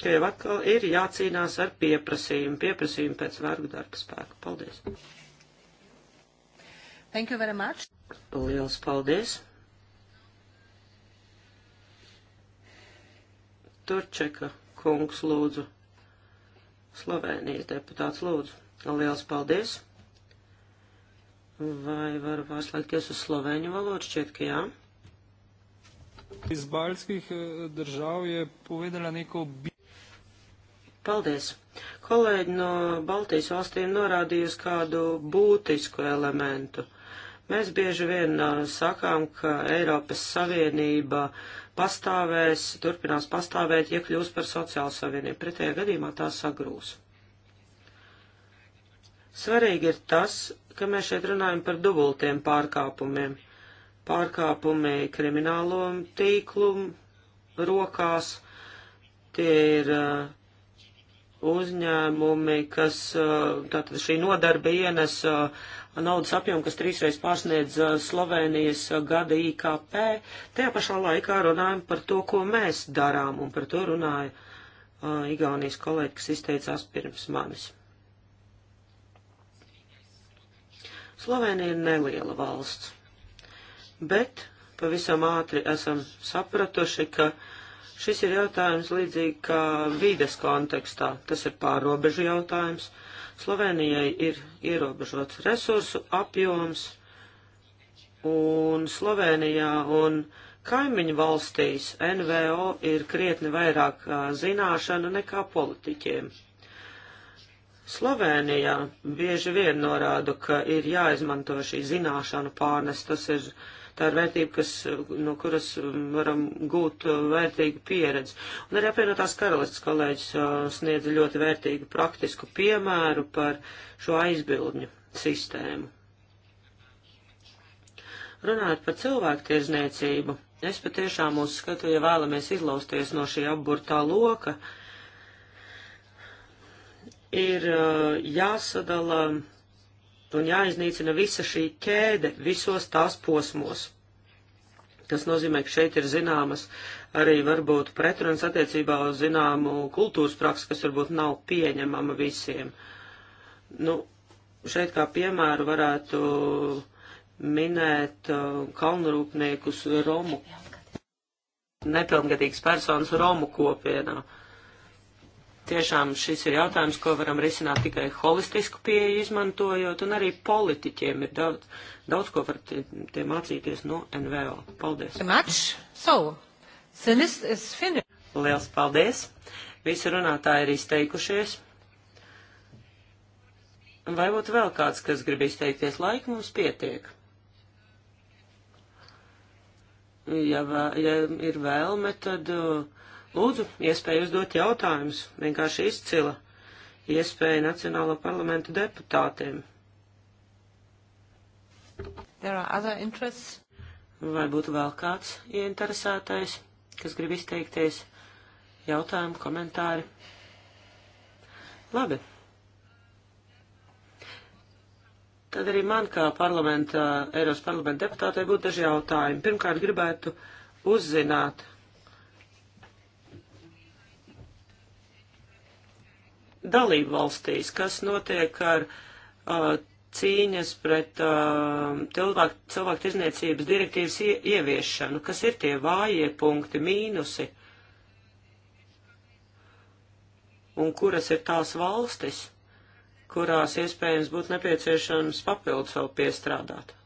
ka jau atkal ir jācīnās ar pieprasījumu, pieprasījumu pēc vergu darba spēku. Paldies! Thank you very much. Liels paldies. Turčeka kungs lūdzu. Slovēnijas deputāts lūdzu. Liels paldies. Vai varu pārslēgties uz slovēņu valodu? Šķiet, ka jā. Iz baltskih eh, držav je povedala neko bi... Paldies. Kolēģi no Baltijas valstīm norādījusi kādu būtisku elementu – Mēs bieži vien uh, sakām, ka Eiropas Savienība pastāvēs, turpinās pastāvēt, ja kļūs par sociālu savienību. Pretējā gadījumā tā sagrūs. Svarīgi ir tas, ka mēs šeit runājam par dubultiem pārkāpumiem. Pārkāpumi kriminālo tīklu rokās, tie ir uh, uzņēmumi, kas uh, tātad šī nodarbe ienes uh, naudas apjomu, kas trīsreiz pārsniedz uh, Slovenijas gada IKP, tajā pašā laikā runājam par to, ko mēs darām, un par to runāja uh, Igaunijas kolēģi, kas izteicās pirms manis. Slovenija ir neliela valsts, bet pavisam ātri esam sapratuši, ka uh, Šis ir jautājums līdzīgi kā vīdes kontekstā. Tas ir pārobežu jautājums. Slovenijai ir ierobežots resursu apjoms, un Slovenijā un kaimiņu valstīs NVO ir krietni vairāk zināšanu nekā politiķiem. Slovenijā bieži vien norādu, ka ir jāizmanto šī zināšanu pārnes, tas ir uh, Tā ir vērtība, kas, no kuras varam gūt vērtīgu pieredzi. Un arī apvienotās karalists kolēģis uh, sniedza ļoti vērtīgu praktisku piemēru par šo aizbildņu sistēmu. Runājot par cilvēktiesniecību, es patiešām uzskatu, ja vēlamies izlausties no šī apburtā loka, ir uh, jāsadala un jāiznīcina visa šī ķēde visos tās posmos. Tas nozīmē, ka šeit ir zināmas arī varbūt pretrunas attiecībā uz zināmu kultūras praksi, kas varbūt nav pieņemama visiem. Nu, šeit kā piemēru varētu minēt uh, kalnrūpniekus Romu, nepilngadīgas personas Romu kopienā. Uh, Tiešām šis ir jautājums, ko varam risināt tikai holistisku pieeju izmantojot, un arī politiķiem ir daudz, daudz ko var tie, tie mācīties no NVO. Paldies! So, Liels paldies! Visi runātāji ir izteikušies. Vai būtu vēl kāds, kas grib izteikties? Laika mums pietiek. Ja, ja ir vēlme, tad. Uh, Lūdzu, iespēju uzdot jautājumus, vienkārši izcila iespēja Nacionālo parlamentu deputātiem. Vai būtu vēl kāds ieinteresētais, kas grib izteikties? Jautājumi, komentāri? Labi. Tad arī man, kā parlamenta, Eiropas parlamenta deputātei, būtu daži jautājumi. Pirmkārt, gribētu uzzināt, dalību valstīs, kas notiek ar uh, cīņas pret uh, cilvēku, cilvēku tirzniecības direktīvas ie, ieviešanu, kas ir tie vājie punkti, mīnusi, un kuras ir tās valstis, kurās iespējams būtu nepieciešams papildus vēl piestrādāt.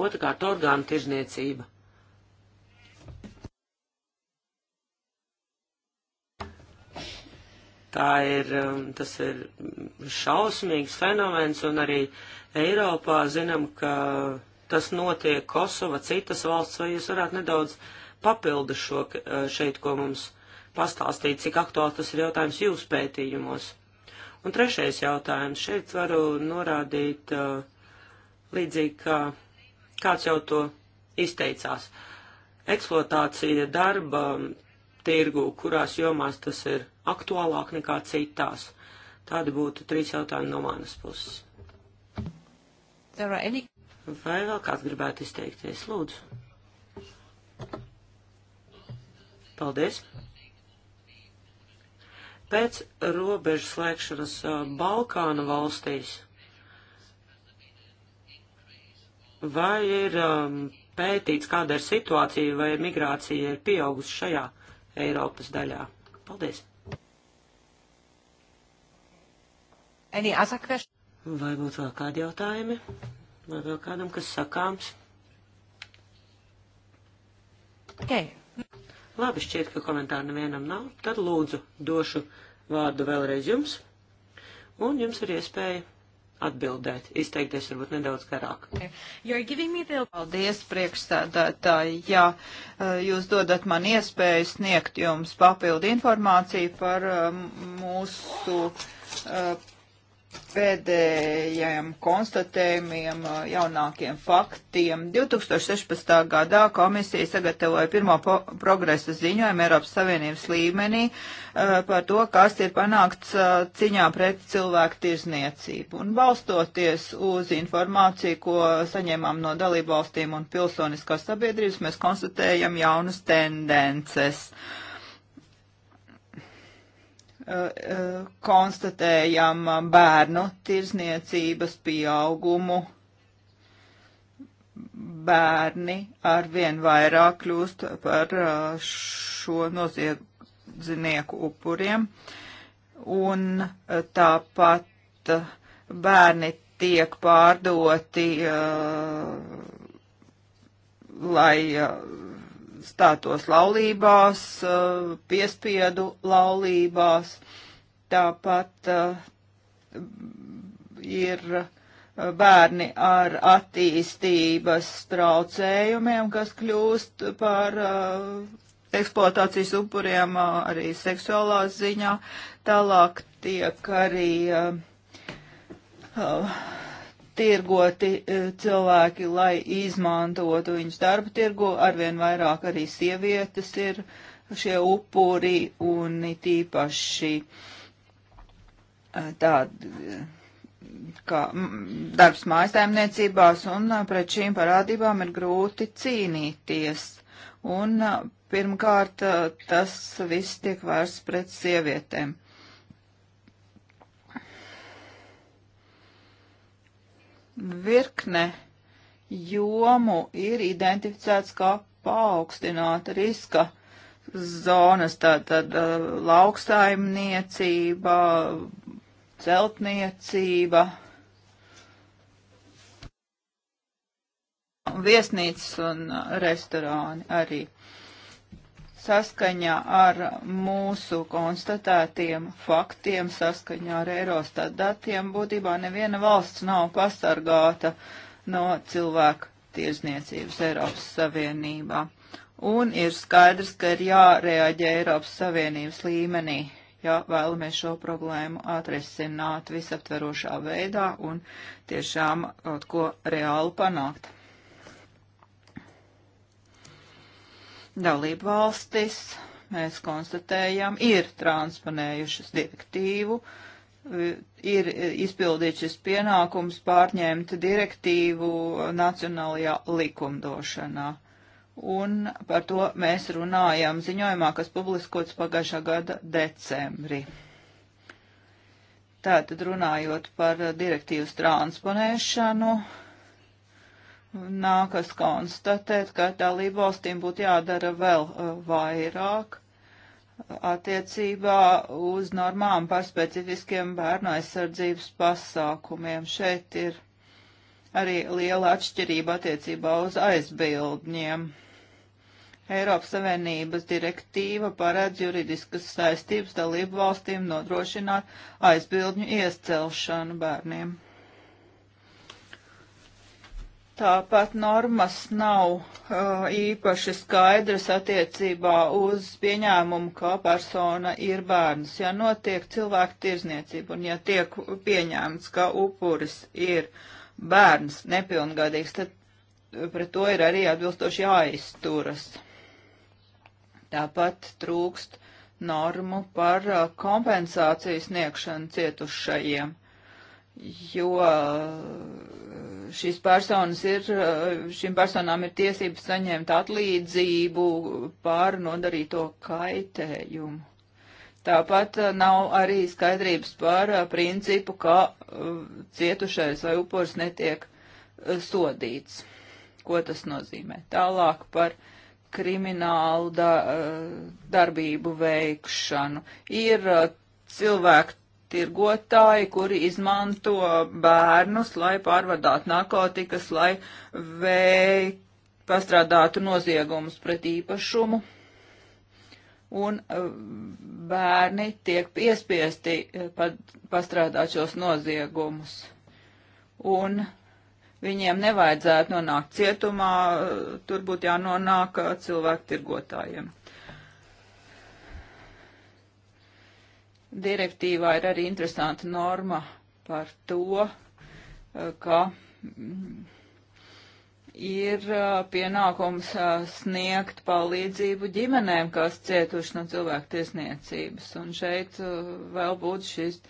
Otrakārt, orgānu tirzniecība. Tā ir, um, tas ir šausmīgs fenomens, un arī Eiropā zinām, ka tas notiek Kosova, citas valsts, vai jūs varētu nedaudz papildu šo uh, šeit, ko mums pastāstīt, cik aktuāls tas ir jautājums jūsu pētījumos. Un trešais jautājums. Šeit varu norādīt uh, līdzīgi, kā kāds jau to izteicās. Eksploatācija darba tirgu, kurās jomās tas ir aktuālāk nekā citās. Tādi būtu trīs jautājumi no manas puses. Any... Vai vēl kāds gribētu izteikties? Lūdzu. Paldies. Pēc robežu slēgšanas uh, Balkānu valstīs vai ir um, pētīts, kāda ir situācija, vai migrācija ir pieaugusi šajā Eiropas daļā. Paldies! Vai būtu vēl kādi jautājumi? Vai vēl kādam, kas sakāms? Okay. Labi, šķiet, ka komentāru nevienam nav. Tad lūdzu, došu vārdu vēlreiz jums. Un jums ir iespēja atbildēt, izteikties varbūt nedaudz garāk. The... Paldies, priekšstādātāji, ja eh, jūs dodat man iespēju sniegt jums papildu informāciju par eh, mūsu eh, pēdējiem konstatējumiem, jaunākiem faktiem. 2016. gadā komisija sagatavoja pirmo progresa ziņojumu Eiropas Savienības līmenī uh, par to, kas ir panākts uh, ciņā pret cilvēku tirzniecību. Un balstoties uz informāciju, ko saņēmām no dalībvalstīm un pilsoniskās sabiedrības, mēs konstatējam jaunas tendences. Uh, Uh, uh, konstatējam bērnu tirzniecības pieaugumu. Bērni arvien vairāk kļūst par uh, šo noziedznieku upuriem, un tāpat bērni tiek pārdoti, lai stātos laulībās, eh, piespiedu laulībās. Tāpat eh, ir eh, bērni ar attīstības traucējumiem, kas kļūst par eksploatācijas upuriem arī seksuālā ziņā. Tālāk tiek arī uh, tirgoti e, cilvēki, lai izmantotu viņus darba tirgu, arvien vairāk arī sievietes ir šie upuri un tīpaši e, tādi e, kā darbs mājasēmniecībās un pret šīm parādībām ir grūti cīnīties. Un pirmkārt, tas viss tiek vērsts pret sievietēm. Uh, virkne jomu ir identificēts kā paaugstināta riska zonas, tātad uh, lauksaimniecība, celtniecība, viesnīcas un uh, restorāni arī saskaņā ar mūsu konstatētiem faktiem, saskaņā ar Eurostat datiem, būtībā neviena valsts nav pasargāta no cilvēku tirzniecības Eiropas Savienībā. Un ir skaidrs, ka ir jārēaģē Eiropas Savienības līmenī, ja vēlamies šo problēmu atrisināt visaptverošā veidā un tiešām kaut ko reāli panākt. dalību valstis, mēs konstatējam, ir transponējušas direktīvu, e, ir izpildīts šis pienākums pārņemt direktīvu nacionālajā likumdošanā. Un par to mēs runājam ziņojumā, kas publiskots pagājušā gada decembrī. Tātad runājot par direktīvas transponēšanu, uh, nākas konstatēt, ka dalību valstīm būtu jādara vēl uh, vairāk uh, attiecībā uz normām par specifiskiem bērnu aizsardzības pasākumiem. Šeit ir arī liela atšķirība attiecībā uz aizbildņiem. Eiropas Savienības direktīva paredz juridiskas saistības dalību valstīm nodrošināt aizbildņu iescelšanu bērniem. Tāpat normas nav uh, īpaši skaidras attiecībā uz pieņēmumu, ka persona ir bērns. Ja notiek cilvēku tirzniecība un ja tiek pieņēmts, ka upuris ir bērns nepilngadīgs, tad pret to ir arī atbilstoši jāizturas. Tāpat trūkst normu par uh, kompensāciju sniegšanu cietušajiem, jo uh, šīs personas ir, eh, šīm personām ir tiesības saņemt atlīdzību par nodarīto kaitējumu. Tāpat eh, nav arī skaidrības par eh, principu, ka cietušais vai upurs netiek sodīts. Ko tas nozīmē? Tālāk par kriminālu da darbību veikšanu. Ir cilvēku tirgotāji, kuri izmanto bērnus, lai pārvadātu narkotikas, lai veik, pastrādātu noziegumus pret īpašumu. Un e, bērni tiek piespiesti e, pastrādāt šos noziegumus. Un viņiem nevajadzētu nonākt cietumā, e, tur būtu jānonāk cilvēku tirgotājiem. direktīvā ir arī interesanta norma par to, eh, ka mm, ir eh, pienākums eh, sniegt palīdzību ģimenēm, kas cietuši no cilvēku tiesniecības. Un šeit vēl būtu šis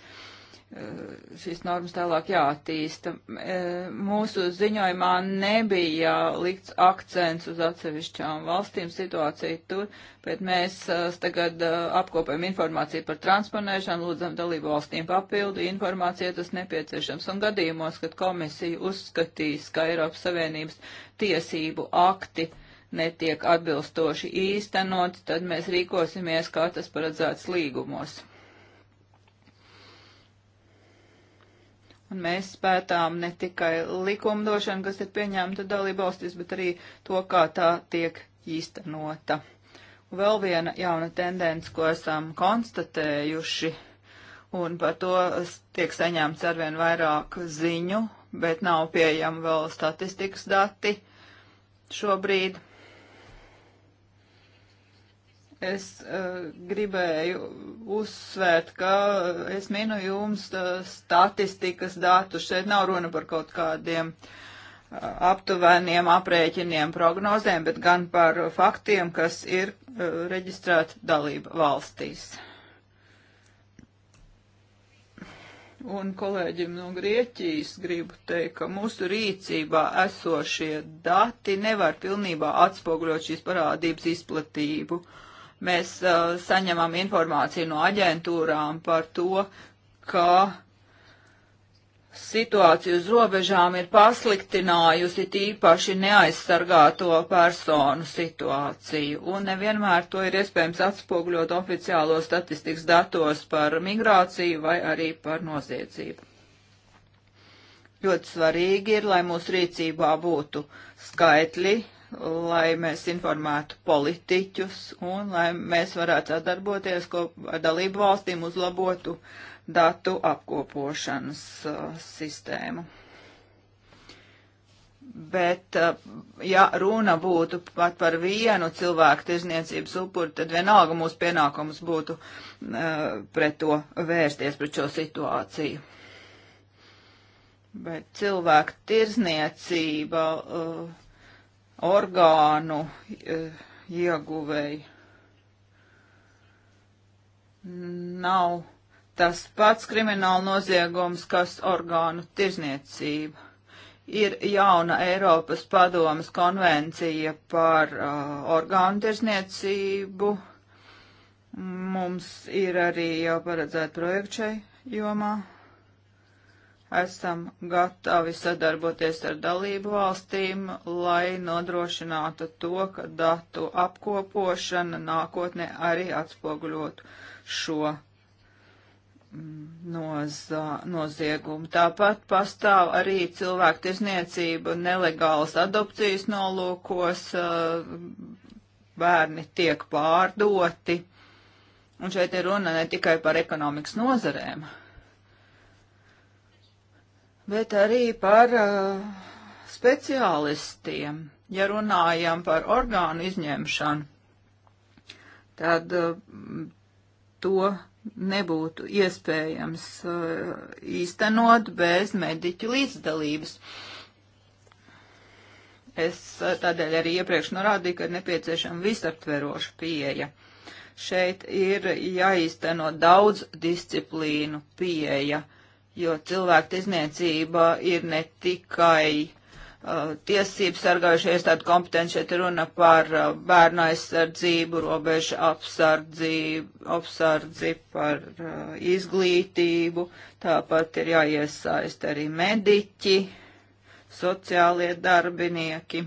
Eh, šīs normas tālāk jāattīsta. Eh, mūsu ziņojumā nebija likts akcents uz atsevišķām valstīm situāciju tur, bet mēs eh, tagad apkopējam informāciju par transponēšanu, lūdzam dalību valstīm papildu informāciju, tas nepieciešams. Un gadījumos, kad komisija uzskatīs, ka Eiropas Savienības tiesību akti netiek atbilstoši īstenot, tad mēs rīkosimies, kā tas paredzēts līgumos. Un mēs pētām ne tikai likumdošanu, kas ir pieņemta dalībvalstīs, bet arī to, kā tā tiek īstenota. Un vēl viena jauna tendence, ko esam konstatējuši, un par to tiek saņemts arvien vairāk ziņu, bet nav pieejama vēl statistikas dati šobrīd Es uh, gribēju uzsvērt, ka es minu jums uh, statistikas datus. Šeit nav runa par kaut kādiem uh, aptuveniem aprēķiniem, prognozēm, bet gan par faktiem, kas ir uh, reģistrēti dalība valstīs. Un kolēģim no Grieķijas gribu teikt, ka mūsu rīcībā esošie dati nevar pilnībā atspoguļot šīs parādības izplatību. Uh, Mēs uh, saņemam informāciju no aģentūrām par to, ka situācija uz robežām ir pasliktinājusi tīpaši neaizsargāto personu situāciju, un nevienmēr to ir iespējams atspogļot oficiālo statistikas datos par migrāciju vai arī par noziedzību. Ļoti svarīgi ir, lai mūsu rīcībā būtu skaitļi, lai mēs informētu politiķus un lai mēs varētu sadarboties ar dalību valstīm uzlabotu datu apkopošanas uh, sistēmu. Bet, uh, ja runa būtu pat par vienu cilvēku tirzniecības upuri, tad vienalga mūsu pienākums būtu uh, pret to vērsties, pret šo situāciju. Bet cilvēku tirzniecība uh, orgānu e, ieguvēji. Nav tas pats krimināla noziegums, kas orgānu tirzniecība ir jauna Eiropas padomas konvencija par uh, orgānu tirzniecību. Mums ir arī jau paredzēta projekta šai jomā esam gatavi sadarboties ar dalību valstīm, lai nodrošinātu to, ka datu apkopošana nākotnē arī atspoguļotu šo mm, noza, noziegumu. Tāpat pastāv arī cilvēku tirzniecība nelegālas adopcijas nolūkos, eh, bērni tiek pārdoti. Un šeit ir runa ne tikai par ekonomikas nozarēm, bet arī par uh, speciālistiem. Ja runājam par orgānu izņemšanu, tad uh, to nebūtu iespējams uh, īstenot bez mediķu līdzdalības. Es uh, tādēļ arī iepriekš norādīju, ka ir nepieciešama visaptveroša pieeja. Šeit ir jāīsteno daudz disciplīnu pieeja. Uh, jo cilvēku tirzniecība ir ne tikai uh, tiesību sargājušie iestādi kompetenci, šeit runa par uh, bērnu aizsardzību, robežu apsardzi, apsardzi par uh, izglītību, tāpat ir jāiesaist arī mediķi, sociālie darbinieki.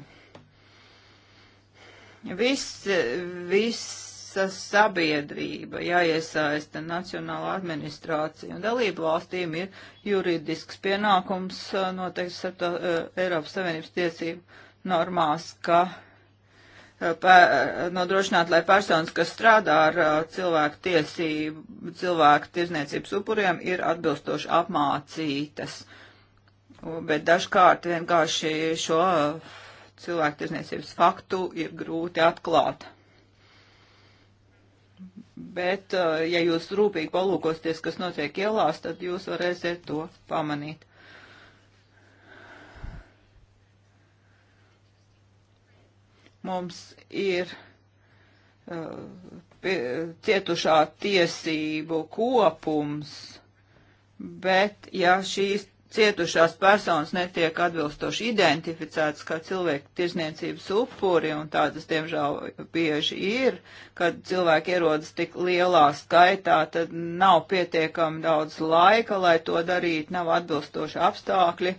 Viss, viss sabiedrība, jāiesaista nacionāla administrācija, un dalību valstīm ir juridisks pienākums noteikti starptā, Eiropas Savienības tiesību normās, ka pē, nodrošināt, lai personas, kas strādā ar cilvēku tiesību, cilvēku tirzniecības upuriem, ir atbilstoši apmācītas. Bet dažkārt vienkārši šo cilvēku tirzniecības faktu ir grūti atklāt bet, uh, ja jūs rūpīgi palūkosties, kas notiek ielās, tad jūs varēsiet to pamanīt. Mums ir uh, pie, cietušā tiesību kopums, bet ja šīs cietušās personas netiek atbilstoši identificētas kā cilvēku tirzniecības upuri, un tādas, diemžēl, bieži ir, kad cilvēki ierodas tik lielā skaitā, tad nav pietiekami daudz laika, lai to darītu, nav atbilstoši apstākļi,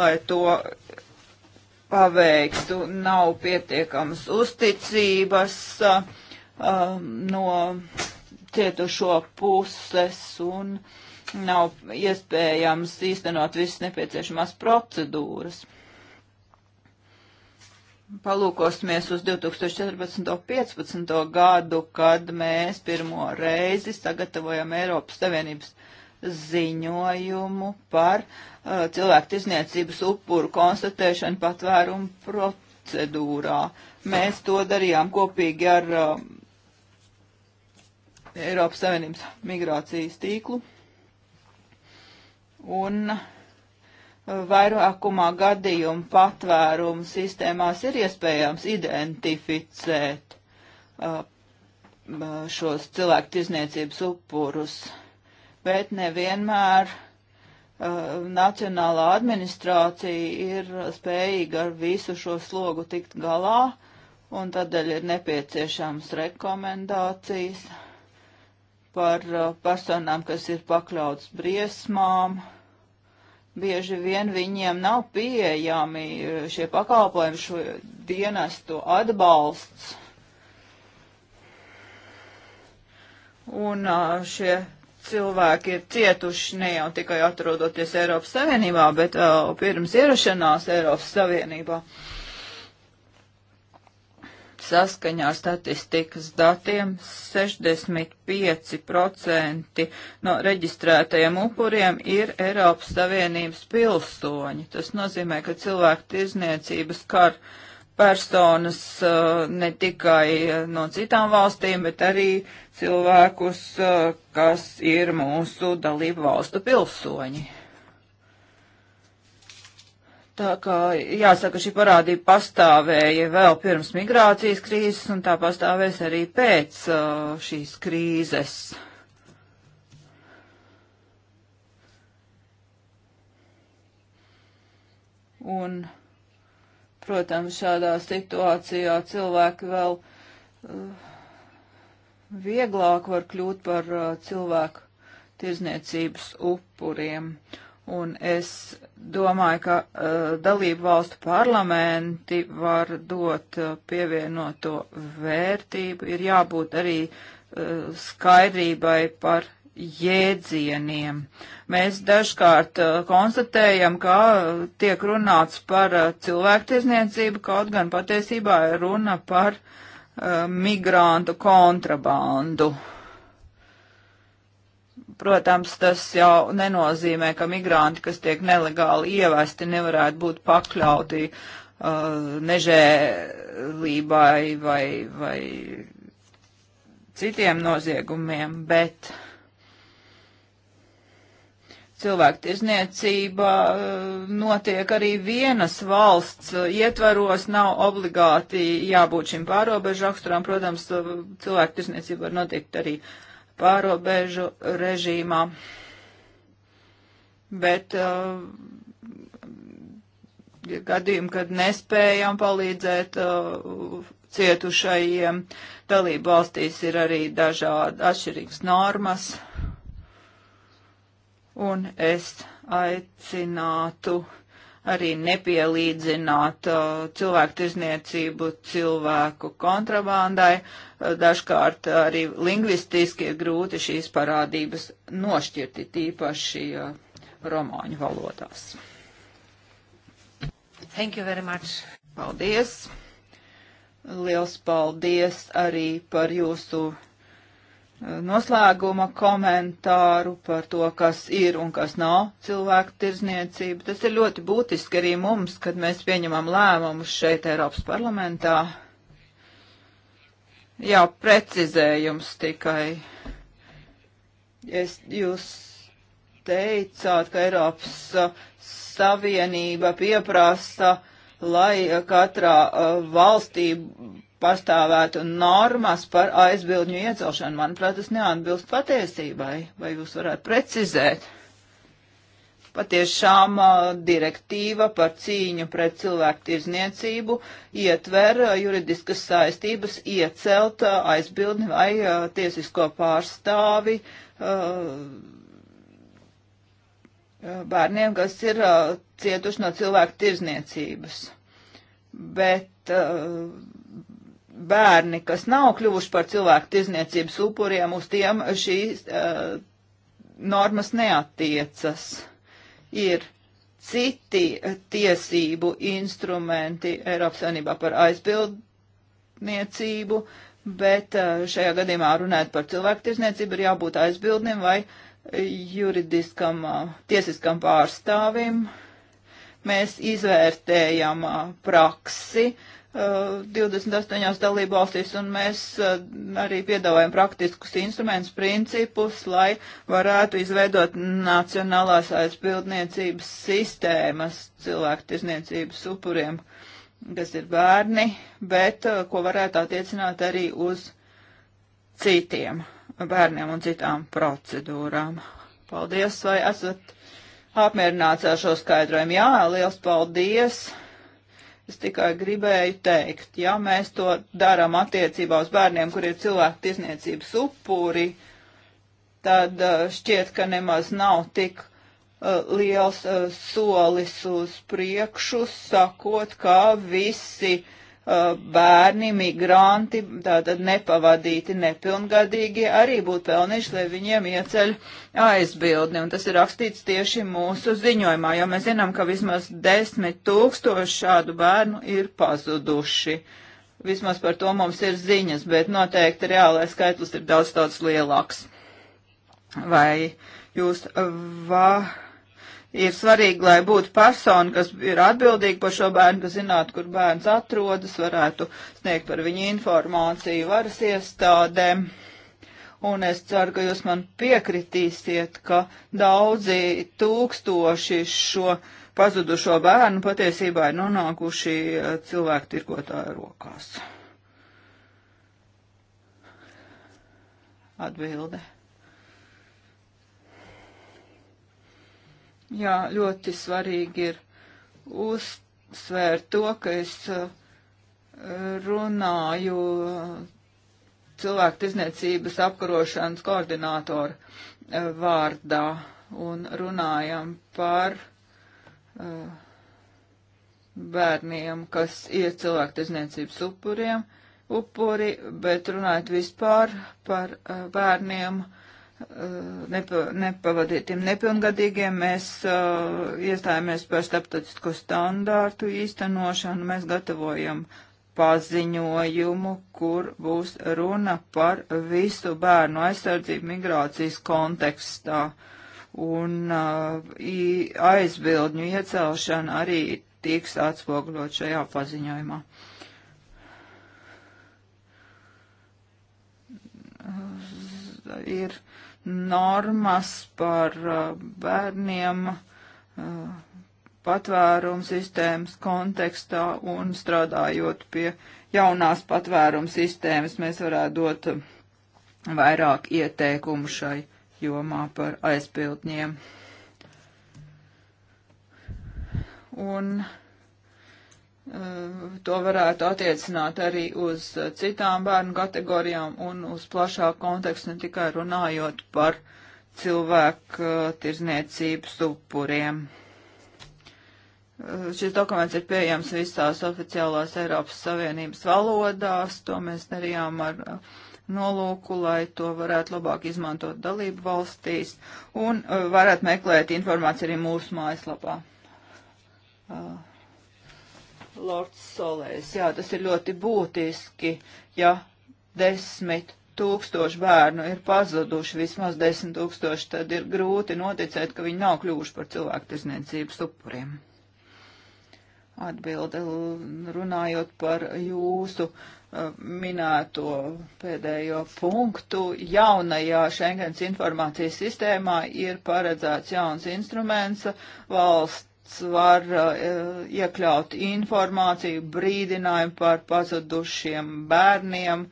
lai to paveiktu, nav pietiekamas uzticības uh, no cietušo puses un uh, nav iespējams īstenot visas nepieciešamās procedūras. Palūkosimies uz 2014. un 2015. gadu, kad mēs pirmo reizi sagatavojam Eiropas Savienības ziņojumu par uh, cilvēku tirzniecības upuru konstatēšanu patvērumu procedūrā. Mēs to darījām kopīgi ar uh, Eiropas Savienības migrācijas tīklu un vairākumā gadījumu patvērumu sistēmās ir iespējams identificēt uh, šos cilvēku tirzniecības upurus, bet nevienmēr uh, nacionālā administrācija ir spējīga ar visu šo slogu tikt galā, un tādēļ ir nepieciešams rekomendācijas par uh, personām, kas ir pakļauts briesmām bieži vien viņiem nav pieejami eh, šie pakalpojumi, šo dienestu atbalsts. Un eh, šie cilvēki ir cietuši ne jau tikai atrodoties Eiropas Savienībā, bet uh, pirms ierašanās Eiropas Savienībā. Uh, Saskaņā ar statistikas datiem 65% no reģistrētajiem upuriem ir Eiropas Savienības pilsoņi. Tas nozīmē, ka cilvēku tirzniecības kar personas uh, ne tikai uh, no citām valstīm, bet arī cilvēkus, uh, kas ir mūsu dalību valstu pilsoņi. Tā kā jāsaka, šī parādība pastāvēja vēl pirms migrācijas krīzes un tā pastāvēs arī pēc uh, šīs krīzes. Un, protams, šādā situācijā cilvēki vēl uh, vieglāk var kļūt par uh, cilvēku tirzniecības upuriem. Uh, Un es domāju, ka uh, dalību valstu parlamenti var dot uh, pievienoto vērtību. Ir jābūt arī uh, skaidrībai par jēdzieniem. Mēs dažkārt uh, konstatējam, ka uh, tiek runāts par uh, cilvēktiesniecību, kaut gan patiesībā ir runa par migrantu kontrabandu. Uh, Protams, tas jau nenozīmē, ka migranti, kas tiek nelegāli ievesti, nevarētu būt pakļauti uh, nežēlībai vai, vai citiem noziegumiem, bet cilvēku tirzniecība uh, notiek arī vienas valsts uh, ietvaros, nav obligāti jābūt šim pārobežu raksturam. Protams, uh, cilvēku tirzniecība var notikt arī uh, pārobežu režīmā. Bet uh, ir gadījumi, kad nespējam palīdzēt uh, cietušajiem. Dalību valstīs ir arī dažādi atšķirīgas normas. Un es aicinātu uh, arī nepielīdzināt uh, cilvēku tirzniecību cilvēku kontrabandai. Uh, dažkārt arī lingvistiski ir grūti šīs parādības nošķirti, tīpaši uh, romāņu valodās. Thank you very much. Paldies. Liels paldies arī par jūsu noslēguma komentāru par to, kas ir un kas nav cilvēku tirzniecība. Tas ir ļoti būtiski arī mums, kad mēs pieņemam lēmumus šeit Eiropas parlamentā. Jā, precizējums tikai. Es, jūs teicāt, ka Eiropas uh, Savienība pieprasa, lai uh, katrā uh, valstī pastāvētu normas par aizbildņu iecelšanu. Manuprāt, tas neatbilst patiesībai. Vai jūs varētu precizēt? Patiešām direktīva par cīņu pret cilvēku tirzniecību ietver juridiskas saistības iecelt aizbildni vai tiesisko pārstāvi bērniem, kas ir cietuši no cilvēku tirzniecības. Bet uh, bērni, kas nav kļuvuši par cilvēku tirzniecības upuriem, uz tiem šīs uh, normas neatiecas. Ir citi tiesību instrumenti Eiropas Savienībā par aizbildniecību, bet uh, šajā gadījumā runājot par cilvēku tirzniecību ir jābūt aizbildnim vai juridiskam, uh, tiesiskam pārstāvim. Mēs izvērtējam praksi, 28 dalībvalstīs, un mēs eh, arī piedāvājam praktiskus instrumentus, principus, lai varētu izveidot nacionālās aizbildniecības sistēmas cilvēku tirzniecības upuriem, kas ir bērni, bet eh, ko varētu attiecināt arī uz citiem bērniem un citām procedūrām. Paldies, vai esat apmierināts ar šo skaidrojumu? Jā, liels paldies! Es tikai gribēju teikt, ja mēs to darām attiecībā uz bērniem, kur ir cilvēku tiesniecības upuri, tad uh, šķiet, ka nemaz nav tik uh, liels uh, solis uz priekšu, sakot, ka visi uh, Uh, bērni, migranti, tātad nepavadīti, nepilngadīgi arī būtu pelnījuši, lai viņiem ieceļ aizbildni. Un tas ir rakstīts tieši mūsu ziņojumā, jo mēs zinām, ka vismaz desmit tūkstoši šādu bērnu ir pazuduši. Vismaz par to mums ir ziņas, bet noteikti reālais skaitlis ir daudz daudz lielāks. Vai jūs va ir svarīgi, lai būtu persona, kas ir atbildīga par šo bērnu, kas zinātu, kur bērns atrodas, varētu sniegt par viņu informāciju varas iestādēm. Un es ceru, ka jūs man piekritīsiet, ka daudzi tūkstoši šo pazudušo bērnu patiesībā ir nonākuši eh, cilvēku tirgotāju rokās. Atbilde. Jā, ļoti svarīgi ir uzsvērt to, ka es eh, runāju eh, cilvēku tirzniecības apkarošanas koordinātoru eh, vārdā un runājam par bērniem, kas ir cilvēku tirzniecības upuriem, upuri, bet runājot vispār par bērniem, uh, Eh, nepa, nepavadītiem nepilngadīgiem. Mēs uh, iestājāmies par starptautisko standārtu īstenošanu, mēs gatavojam paziņojumu, kur būs runa par visu bērnu aizsardzību migrācijas kontekstā. Un uh, aizbildņu iecelšana arī tiks atspoguļot šajā paziņojumā. Uh, ir uh, normas par uh, bērniem uh, patvērums sistēmas kontekstā un strādājot pie jaunās patvērums sistēmas, mēs varētu dot uh, vairāk ieteikumu šai jomā par aizpildņiem. Un Eh, to varētu attiecināt arī uz citām bērnu kategorijām un uz plašāku kontekstu, ne tikai runājot par cilvēku eh, tirzniecības upuriem. Eh, šis dokuments ir pieejams visās oficiālās Eiropas Savienības valodās, to mēs darījām ar nolūku, lai to varētu labāk izmantot dalību valstīs un varētu meklēt informāciju arī mūsu mājaslapā. Uh Lords Solēs. Jā, tas ir ļoti būtiski, ja desmit tūkstoši bērnu ir pazuduši, vismaz desmit tūkstoši, tad ir grūti noticēt, ka viņi nav kļuvuši par cilvēku tirzniecības upuriem. Atbilde runājot par jūsu uh, minēto pēdējo punktu. Jaunajā Schengens informācijas sistēmā ir paredzēts jauns instruments valsts var uh, iekļaut informāciju, brīdinājumu par pazudušiem bērniem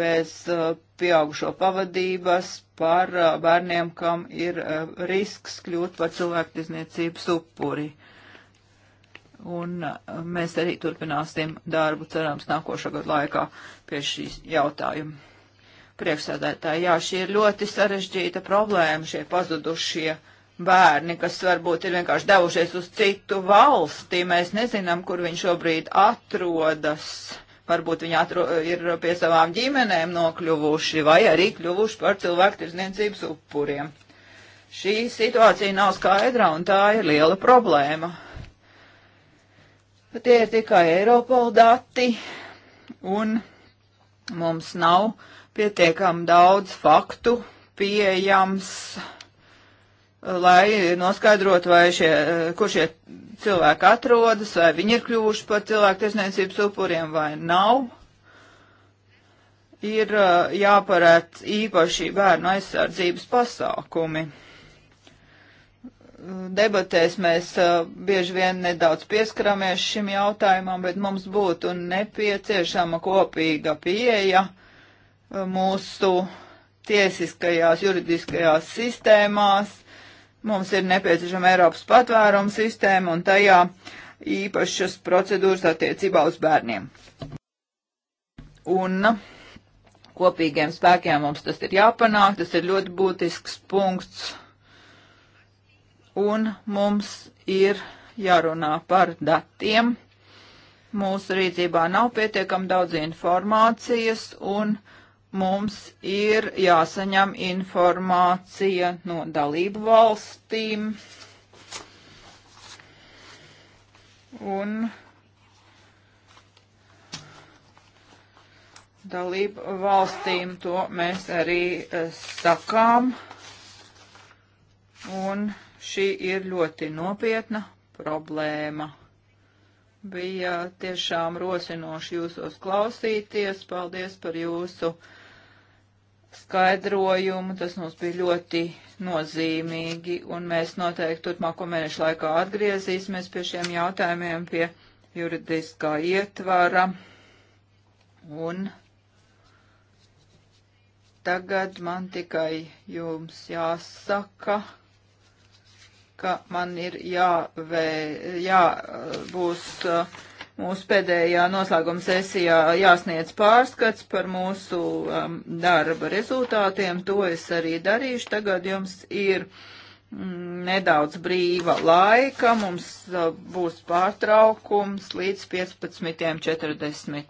bez uh, pieaugušo pavadības, par uh, bērniem, kam ir risks kļūt par cilvēktizniecības upuri. Un mēs arī turpināsim darbu, cerams, nākošā gada laikā pie šīs jautājuma. Priekšsēdētāji, jā, šī ir ļoti sarežģīta problēma, šie pazudušie bērni bērni, kas varbūt ir vienkārši devušies uz citu valsti. Mēs nezinām, kur viņi šobrīd atrodas. Varbūt viņi atro, ir pie savām ģimenēm nokļuvuši vai arī kļuvuši par cilvēku tirzniecības upuriem. Šī situācija nav skaidra un tā ir liela problēma. Bet tie ir tikai Eiropola dati un mums nav pietiekam daudz faktu pieejams. Uh, lai noskaidrotu, vai šie, kur šie cilvēki atrodas, vai viņi ir kļuvuši par cilvēku tiesniecības upuriem vai nav. Ir uh, jāparēt īpaši bērnu aizsardzības pasākumi. Debatēs mēs uh, bieži vien nedaudz pieskaramies šim jautājumam, bet mums būtu nepieciešama kopīga pieeja uh, mūsu tiesiskajās juridiskajās sistēmās, Mums ir nepieciešama Eiropas patvēruma sistēma un tajā īpašas procedūras attiecībā uz bērniem. Un kopīgiem spēkiem mums tas ir jāpanāk, tas ir ļoti būtisks punkts. Un mums ir jārunā par datiem. Mūsu rīcībā nav pietiekam daudz informācijas un informācijas mums ir jāsaņem informācija no dalību valstīm. Un dalību valstīm to mēs arī eh, sakām. Un šī ir ļoti nopietna problēma. Bija tiešām rosinoši jūsos klausīties. Paldies par jūsu skaidrojumu. Tas mums bija ļoti nozīmīgi, un mēs noteikti turpmāko mēnešu laikā atgriezīsimies pie šiem jautājumiem, pie juridiskā ietvara. Un tagad man tikai jums jāsaka, ka man ir jāvē, jā, būs. Uh, Mūsu pēdējā noslēguma sesijā jāsniedz pārskats par mūsu um, darba rezultātiem. To es arī darīšu. Tagad jums ir mm, nedaudz brīva laika. Mums uh, būs pārtraukums līdz 15.45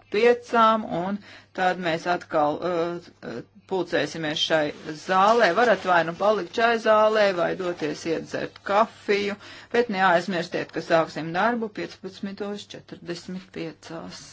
un tad mēs atkal. Uh, pulcēsimies šai zālē. Varat vai nu palikt šai zālē, vai doties iedzert kafiju, bet neaizmirstiet, ka sāksim darbu 15.45.